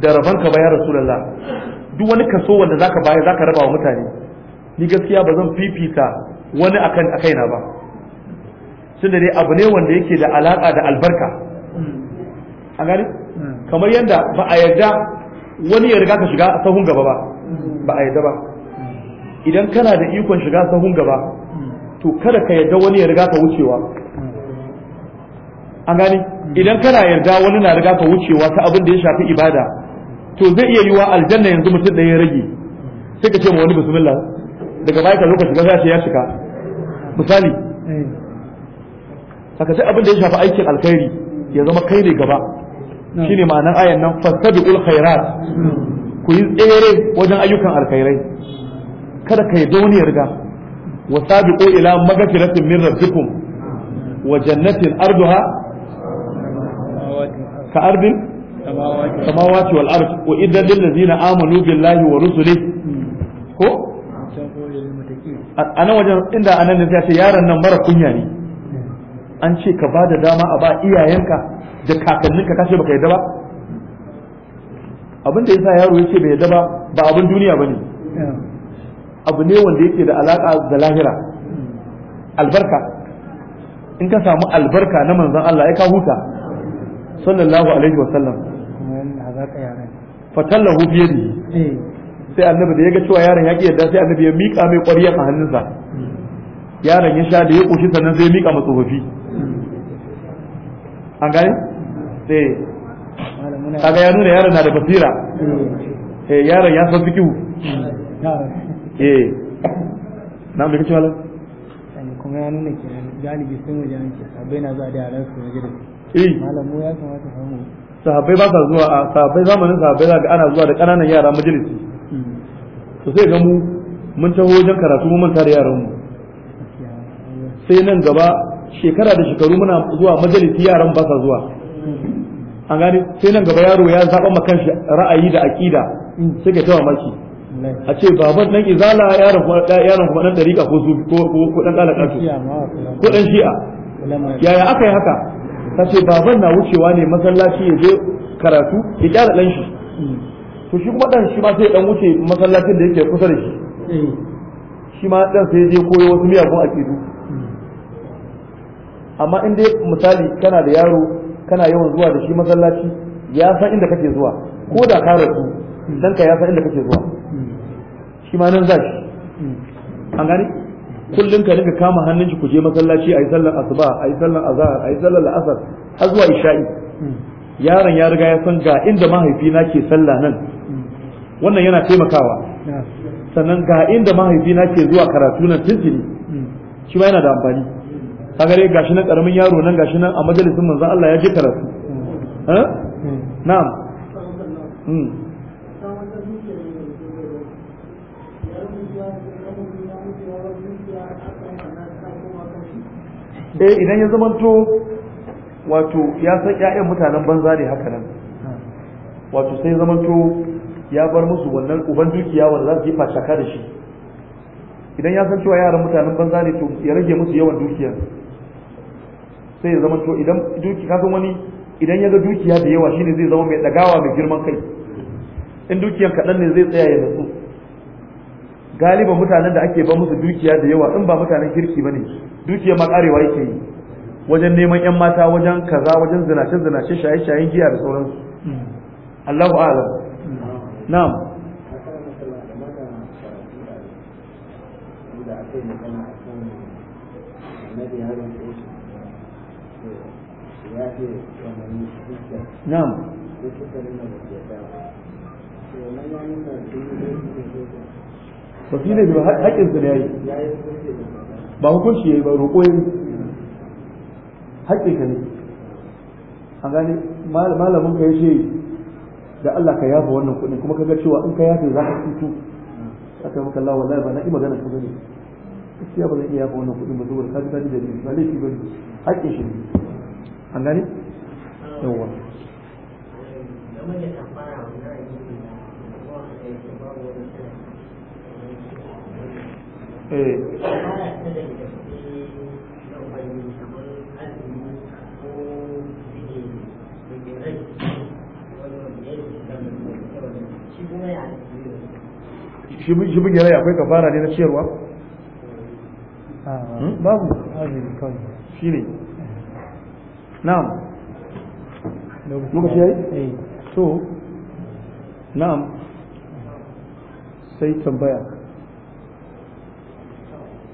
da rabanka ba ya rasulullah duk wani kaso wanda zaka bayar zaka raba wa mutane ni gaskiya ba zan fifita wani akan akaina ba tunda dai abu ne wanda yake da alaka da albarka a gani kamar yadda ba a yarda wani ya riga ka shiga sahun gaba ba ba a yarda ba idan kana da ikon shiga sahun gaba to kada ka yarda wani ya riga ka wucewa an gani idan kana yarda wani na riga ka wucewa ta abin da ya shafi ibada to zai iya yiwa aljanna yanzu mutum ɗaya ya rage sai ka ce ma wani bismillah daga baya ka zo ka shiga sai ya shiga misali saka sai abin da ya shafi aikin alkhairi ya zama kai ne gaba shine ma'anar ayan nan fastabiul khairat ku yi tsere wajen ayyukan alkhairai kada ka yarda wani ya riga وسابقوا إلى مغفرة من ربكم وجنة أرضها كأرض السماوات والأرض وإذا للذين آمنوا بالله ورسله ko a nan wajen inda anan ne sai yaron nan mara kunya ne an ce ka ba da dama a ba iyayenka da kakanninka kashe baka yadda ba abin da yasa yaro ce bai yadda ba ba abin duniya ba ne. abu ne wanda yake da alaka da lahira albarka in ka samu albarka na manzon Allah ya ka huta sallallahu alaihi wa sallam fatallahu bi yadihi sai annabi da yaga cewa yaron ya ki yadda sai annabi ya mika mai ƙwariyar a hannunsa yaron ya sha da ya koshi sannan sai ya mika masa tsofaffi an gane sai eh. kaga ya nuna yaron na da basira eh, eh yaron ya san fikihu eh na mu kace malam kuma ya nuna ke galibi sun waje an ke sabai na zuwa da yaran su waje da eh malamu ya kamata mu. sahabbai ba sa zuwa a sahabbai zamanin sahabbai za ga ana zuwa da ƙananan yara majalisi hmm. to sai ga mu mun taho wajen karatu mun manta da yaran mu sai nan gaba shekara da shekaru muna zuwa majalisi yaran ba sa zuwa hmm. an gane sai nan gaba yaro ya zaɓa makan ra'ayi da aƙida hmm. sai ka tawa maki a ce baban nan izala yaron kuma yaron kuma dan dariqa ko su ko ko dan dalaka to ko dan shi'a yaya aka yi haka ta ce baban na wucewa ne masallaci ya je karatu ya gyara dan shi to shi kuma dan shi ma sai dan wuce masallacin da yake kusa da shi eh. shi ma dan sai je koyo wasu miyagun akidu amma in dai misali kana da yaro kana yawan zuwa da shi masallaci ya san inda kake zuwa ko da ka rasu dan ka ya san inda kake zuwa shi ma nan zaki an gani? kullum ka rika kama hannun ku je masallaci ayi sallar asuba ayi sallar azhar ayi sallar la'asar, har zuwa isha'i yaron ya riga ya san ga inda mahaifina ke sallah nan wannan yana taimakawa sannan ga inda mahaifina ke zuwa karatu nan tuntuni shi ma yana da amfani gare gashi nan karamin yaro nan gashi nan a majalisin manzon Allah ya je karatu na'am hmm. eh idan ya zamanto wato ya san ƴaƴan mutanen banza ne haka nan wato sai zamanto ya bar musu wannan uban dukiya wanda za su yi fashaka da shi idan ya san cewa yaran mutanen banza ne to ya rage musu yawan dukiyar sai ya zamanto idan duki ka san wani idan ya ga dukiya da yawa shine zai zama mai dagawa mai girman kai in dukiyar kaɗan ne zai tsaya ya nutsu galiban mutanen da ake ba musu dukiya da yawa in ba mutanen kirki bane dukiya ma karewa yake yi wajen neman yan mata wajen kaza wajen zinace zinace shaye shayen giya da sauransu Allahu a'lam na'am na'am ba fi ne ba haƙƙin su ne yayi ba hukunci yayi ba roƙo yayi haƙƙin ka ne an gane malamin ka yace da Allah ka yafa wannan kuɗin kuma ga cewa in ka yafe za ka fito aka maka Allah wallahi ba na yi magana ka bane gaskiya ba zan iya yafa wannan kuɗin ba saboda ka ji ka ji da ni ba laifi ba haƙƙin shi ne an gane yawwa Eh. shi bugin rai akwai kafara ne na ciyarwa? Ah, hmm? babu shi ne na'am muka shi yayi? so eh. na'am sai tambaya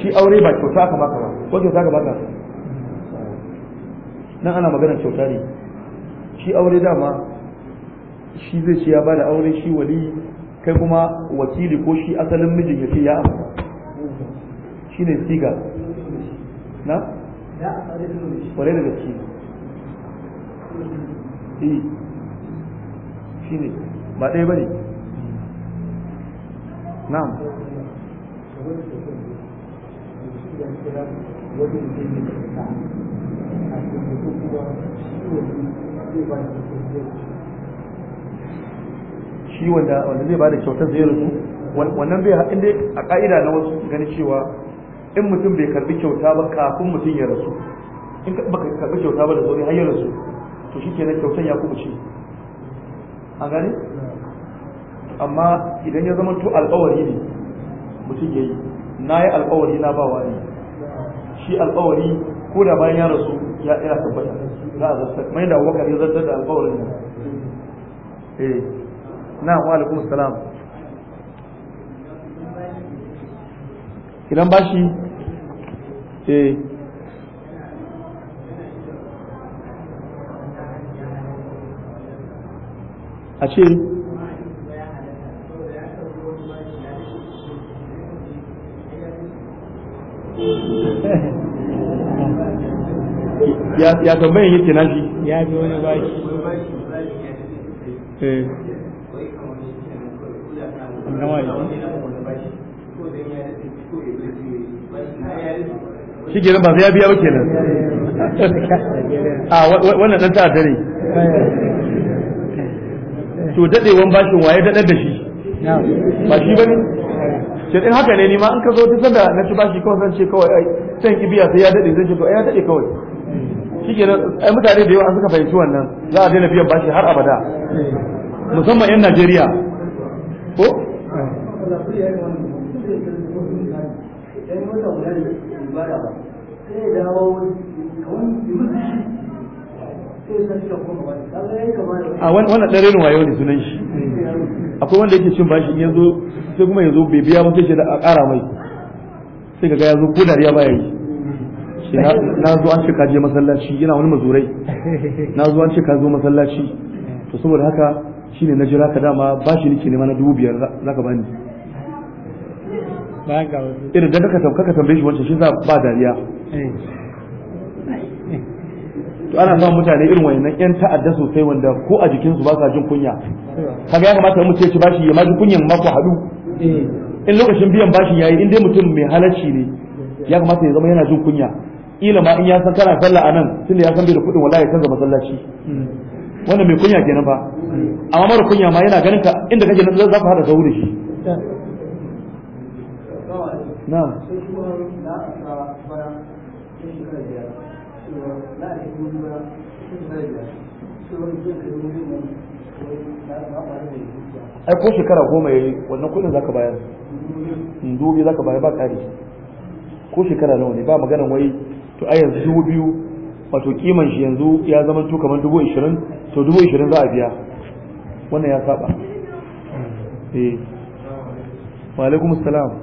shi aure ba kyauta aka baka ba ko kyauta ga baka nan ana magana kyauta ne shi aure dama shi zai ce ya bada aure shi wali kai kuma wakili ko shi asalin mijin ya ce ya amsa shi ne siga na? kware da gaske eh shi ne ba ɗaya ba ne na'am shi wanda zai ba da kyautar zai rasu wannan bai haɗin dai a ƙa'ida na wasu gani cewa in mutum bai karbi kyauta ba kafin mutum ya rasu in ba ka karbi kyauta ba da zaune har ya rasu to shi kenan kyautar ya kuma ce a gani amma idan ya zama to alƙawari ne mutum ya yi na yi alkawari na ba wani shi alkawari ko da bayan ya rasu ya ina tabbata za a zartar mai da waka ne zartar da alkawarin ne eh na wa alaikum salam idan shi eh a ce ya tambayan yake na eh. shi ya bi wani baki eh shi gina ba sai ya biya ba kenan a ah, wannan dan ta'adda ne to dadewan bashin waye dadar da shi ba shi ne shi din haka ne ni ma an ka zo ta sanda na ci bashi kawai zan ce kawai ai san ki biya sai ya dade zan ce to ai ya dade kawai shikenan ai mutane da yawa an suka fahimci wannan za a daina biyan bashi har abada musamman yan Najeriya ko a wannan ɗan renin wayo ne sunan shi akwai wanda yake cin bashi yanzu sai kuma yanzu bai biya ba sai shi da a ƙara mai sai ka ya zo ko dariya ba ya yi shi na zo an ce ka je masallaci yana wani mazurai na zo an ce ka zo masallaci to saboda haka shi ne na jira ka dama ba shi nake nema na dubu biyar za ka bani irin da kaka tambaye shi wancan shi za ba dariya eh. to ana samun mutane irin wayannan yan ta'adda sosai wanda ko a jikinsu ba sa jin kunya kaga ya kamata mu ce ba shi ya ma ji kunyan ma ku haɗu eh. in lokacin biyan bashi yayi in dai mutum mai halacci ne ya kamata ya zama yana jin kunya ila ma in ya san kana sallah a nan tunda ya san bai da kuɗin wallahi ya canza masallaci wanda mai kunya kenan fa amma mara kunya ma yana ganin ka inda kake nan za ka hada sahu da shi na'am ai ko shekara goma ya yi. wannan za ka bayar dubi ka bayar ba ƙari ko shekara nawa ne ba magana wai to a yanzu dubu biyu wato kiman shi yanzu ya zama to kamar dubu ishirin to dubu ishirin za a biya wannan ya saba eh alaikum salam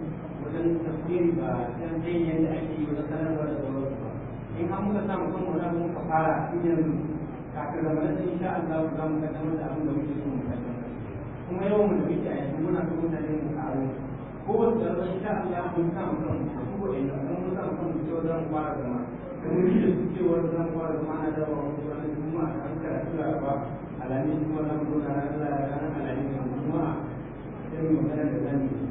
wajen tafsiri ba can jin yadda ake yi wajen sanarwa da sauransu ba in har muka samu kan wani abin ka fara idan kafin ramadan in sha Allah za mu kaddamar da abin da muke so mu kaddamar kuma yawan mu da muke a yanzu muna so mutane mu karo ko da in sha Allah mun samu kan ko in mun samu kan mu cewa za mu fara zama kamar yi da su cewa za fara zama na dawa wani wani juma'a da an karatu da ba alamin kuma za mu zo na ranar alamin juma'a sai mu magana da zamu yi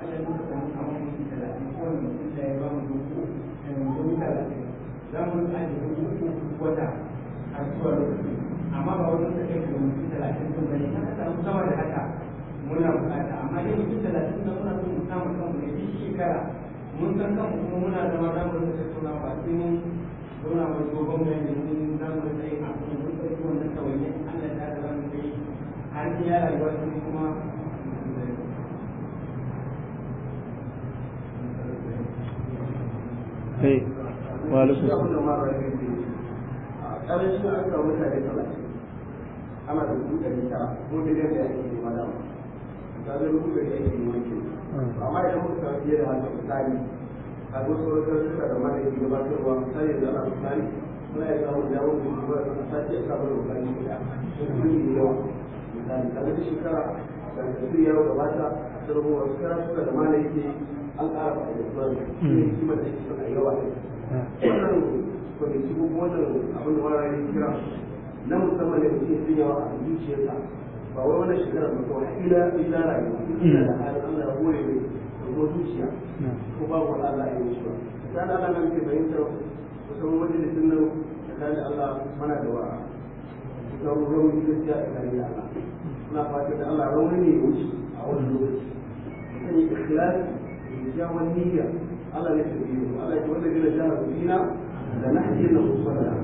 amma ba wani da kai kuma mutum talatin sun bane kan ka samu sama da haka muna bukata amma dai mutum talatin da muna son mu samu kanmu ne duk shekara mun san kanmu kuma muna zama za mu rinka tattauna ba sai mun zauna mu dogon bayani mun za mu rinka yin abu mun ɗauki wannan kawai ne Allah ta ga mu kai har ya rayuwa kuma kai eh, wa alaikum ana da da da da wanke amma idan muka fiye da misali a wasu wasu suka da gabatarwa misali da ana misali suna ya samu da yawon gudu ba ya samu da wani sun yi yawa misali a wata shekara da su gabata suka da yake an ƙara faɗi da zuwa hmm. shi mai da shi hmm. ko wani na musamman da mutum sun yawa a zuciyarsa ba wai wannan shekarar ba kawai ila ila rayuwa ila da hmm. Allah ya hore ne da kuma zuciya ko ba ku Allah ya yi shi ba dan Allah nan ke fahimtar kusan majalisin nan tsakanin Allah mana da wa don rauni ta tsakanin Allah suna fata da Allah rauni ne wuce a wani lokaci. Sanya ikhlasi kyakkyawan niyya Allah ne tafi yi Allah ya wanda gina da na hajji na musalla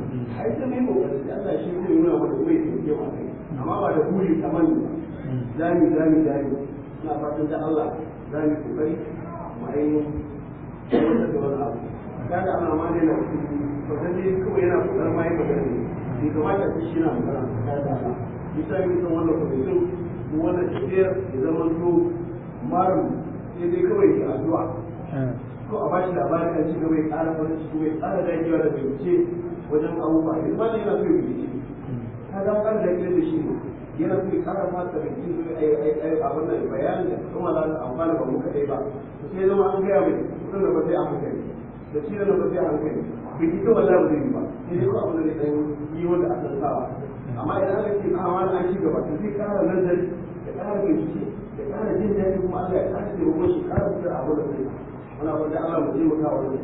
ai ta mai kokari Allah shi zai nuna wanda zai tafi wa kai amma ba da buri tamanni ba zami zami zami ina fatan da Allah zami kokari mu ai wanda da wani abu ana ma ne na kusa ne kawai yana kokarin ma yi magana ne bai kamata ta shi na magana kada ana bisa wannan kwamitin wannan tafiyar ya zama to marin sai dai kawai ya addu'a ko eh. a bashi labarin kan shi gaba ya ƙara farin ciki ya ƙara dagewa da bincike wajen abubuwa idan ba yana so ya bincike hmm. ka ga ƙara dagewa da shi ne yana so ya ƙara ma ta bincike zuwa ai ai ai abin da bayanin da kuma za su amfana ba mu kaɗai ba sai zama an gaya mai kuɗin da ba sai an hankali da shi da ba sai an hankali bincike wallahi ba zai yi ba sai dai ko abin da zai ɗan yi wanda a san sawa amma idan aka ce a wani an ci gaba to zai ƙara nazari ya ƙara bincike kana jin daɗi kuma Allah ya kare mu shi kare mu da abu da kai wala wanda Allah mu taimaka wa wannan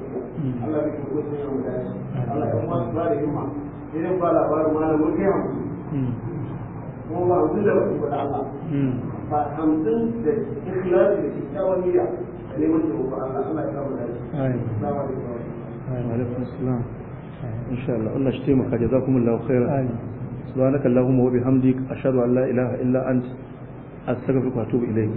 Allah ya kuma sanya mu dace Allah ya kuma ba da himma idan ba labarin malamin kai hankali kuma ba hamsin da wasu da Allah ba hamsin da ikhlasi da kyakkyawan niyya da neman taimako Allah Allah ya kama dace assalamu alaikum alaikum assalam إن شاء الله الله يشتمك جزاكم الله خيرا سبحانك اللهم وبحمدك أشهد أن لا إله إلا أنت أستغفرك وأتوب إليك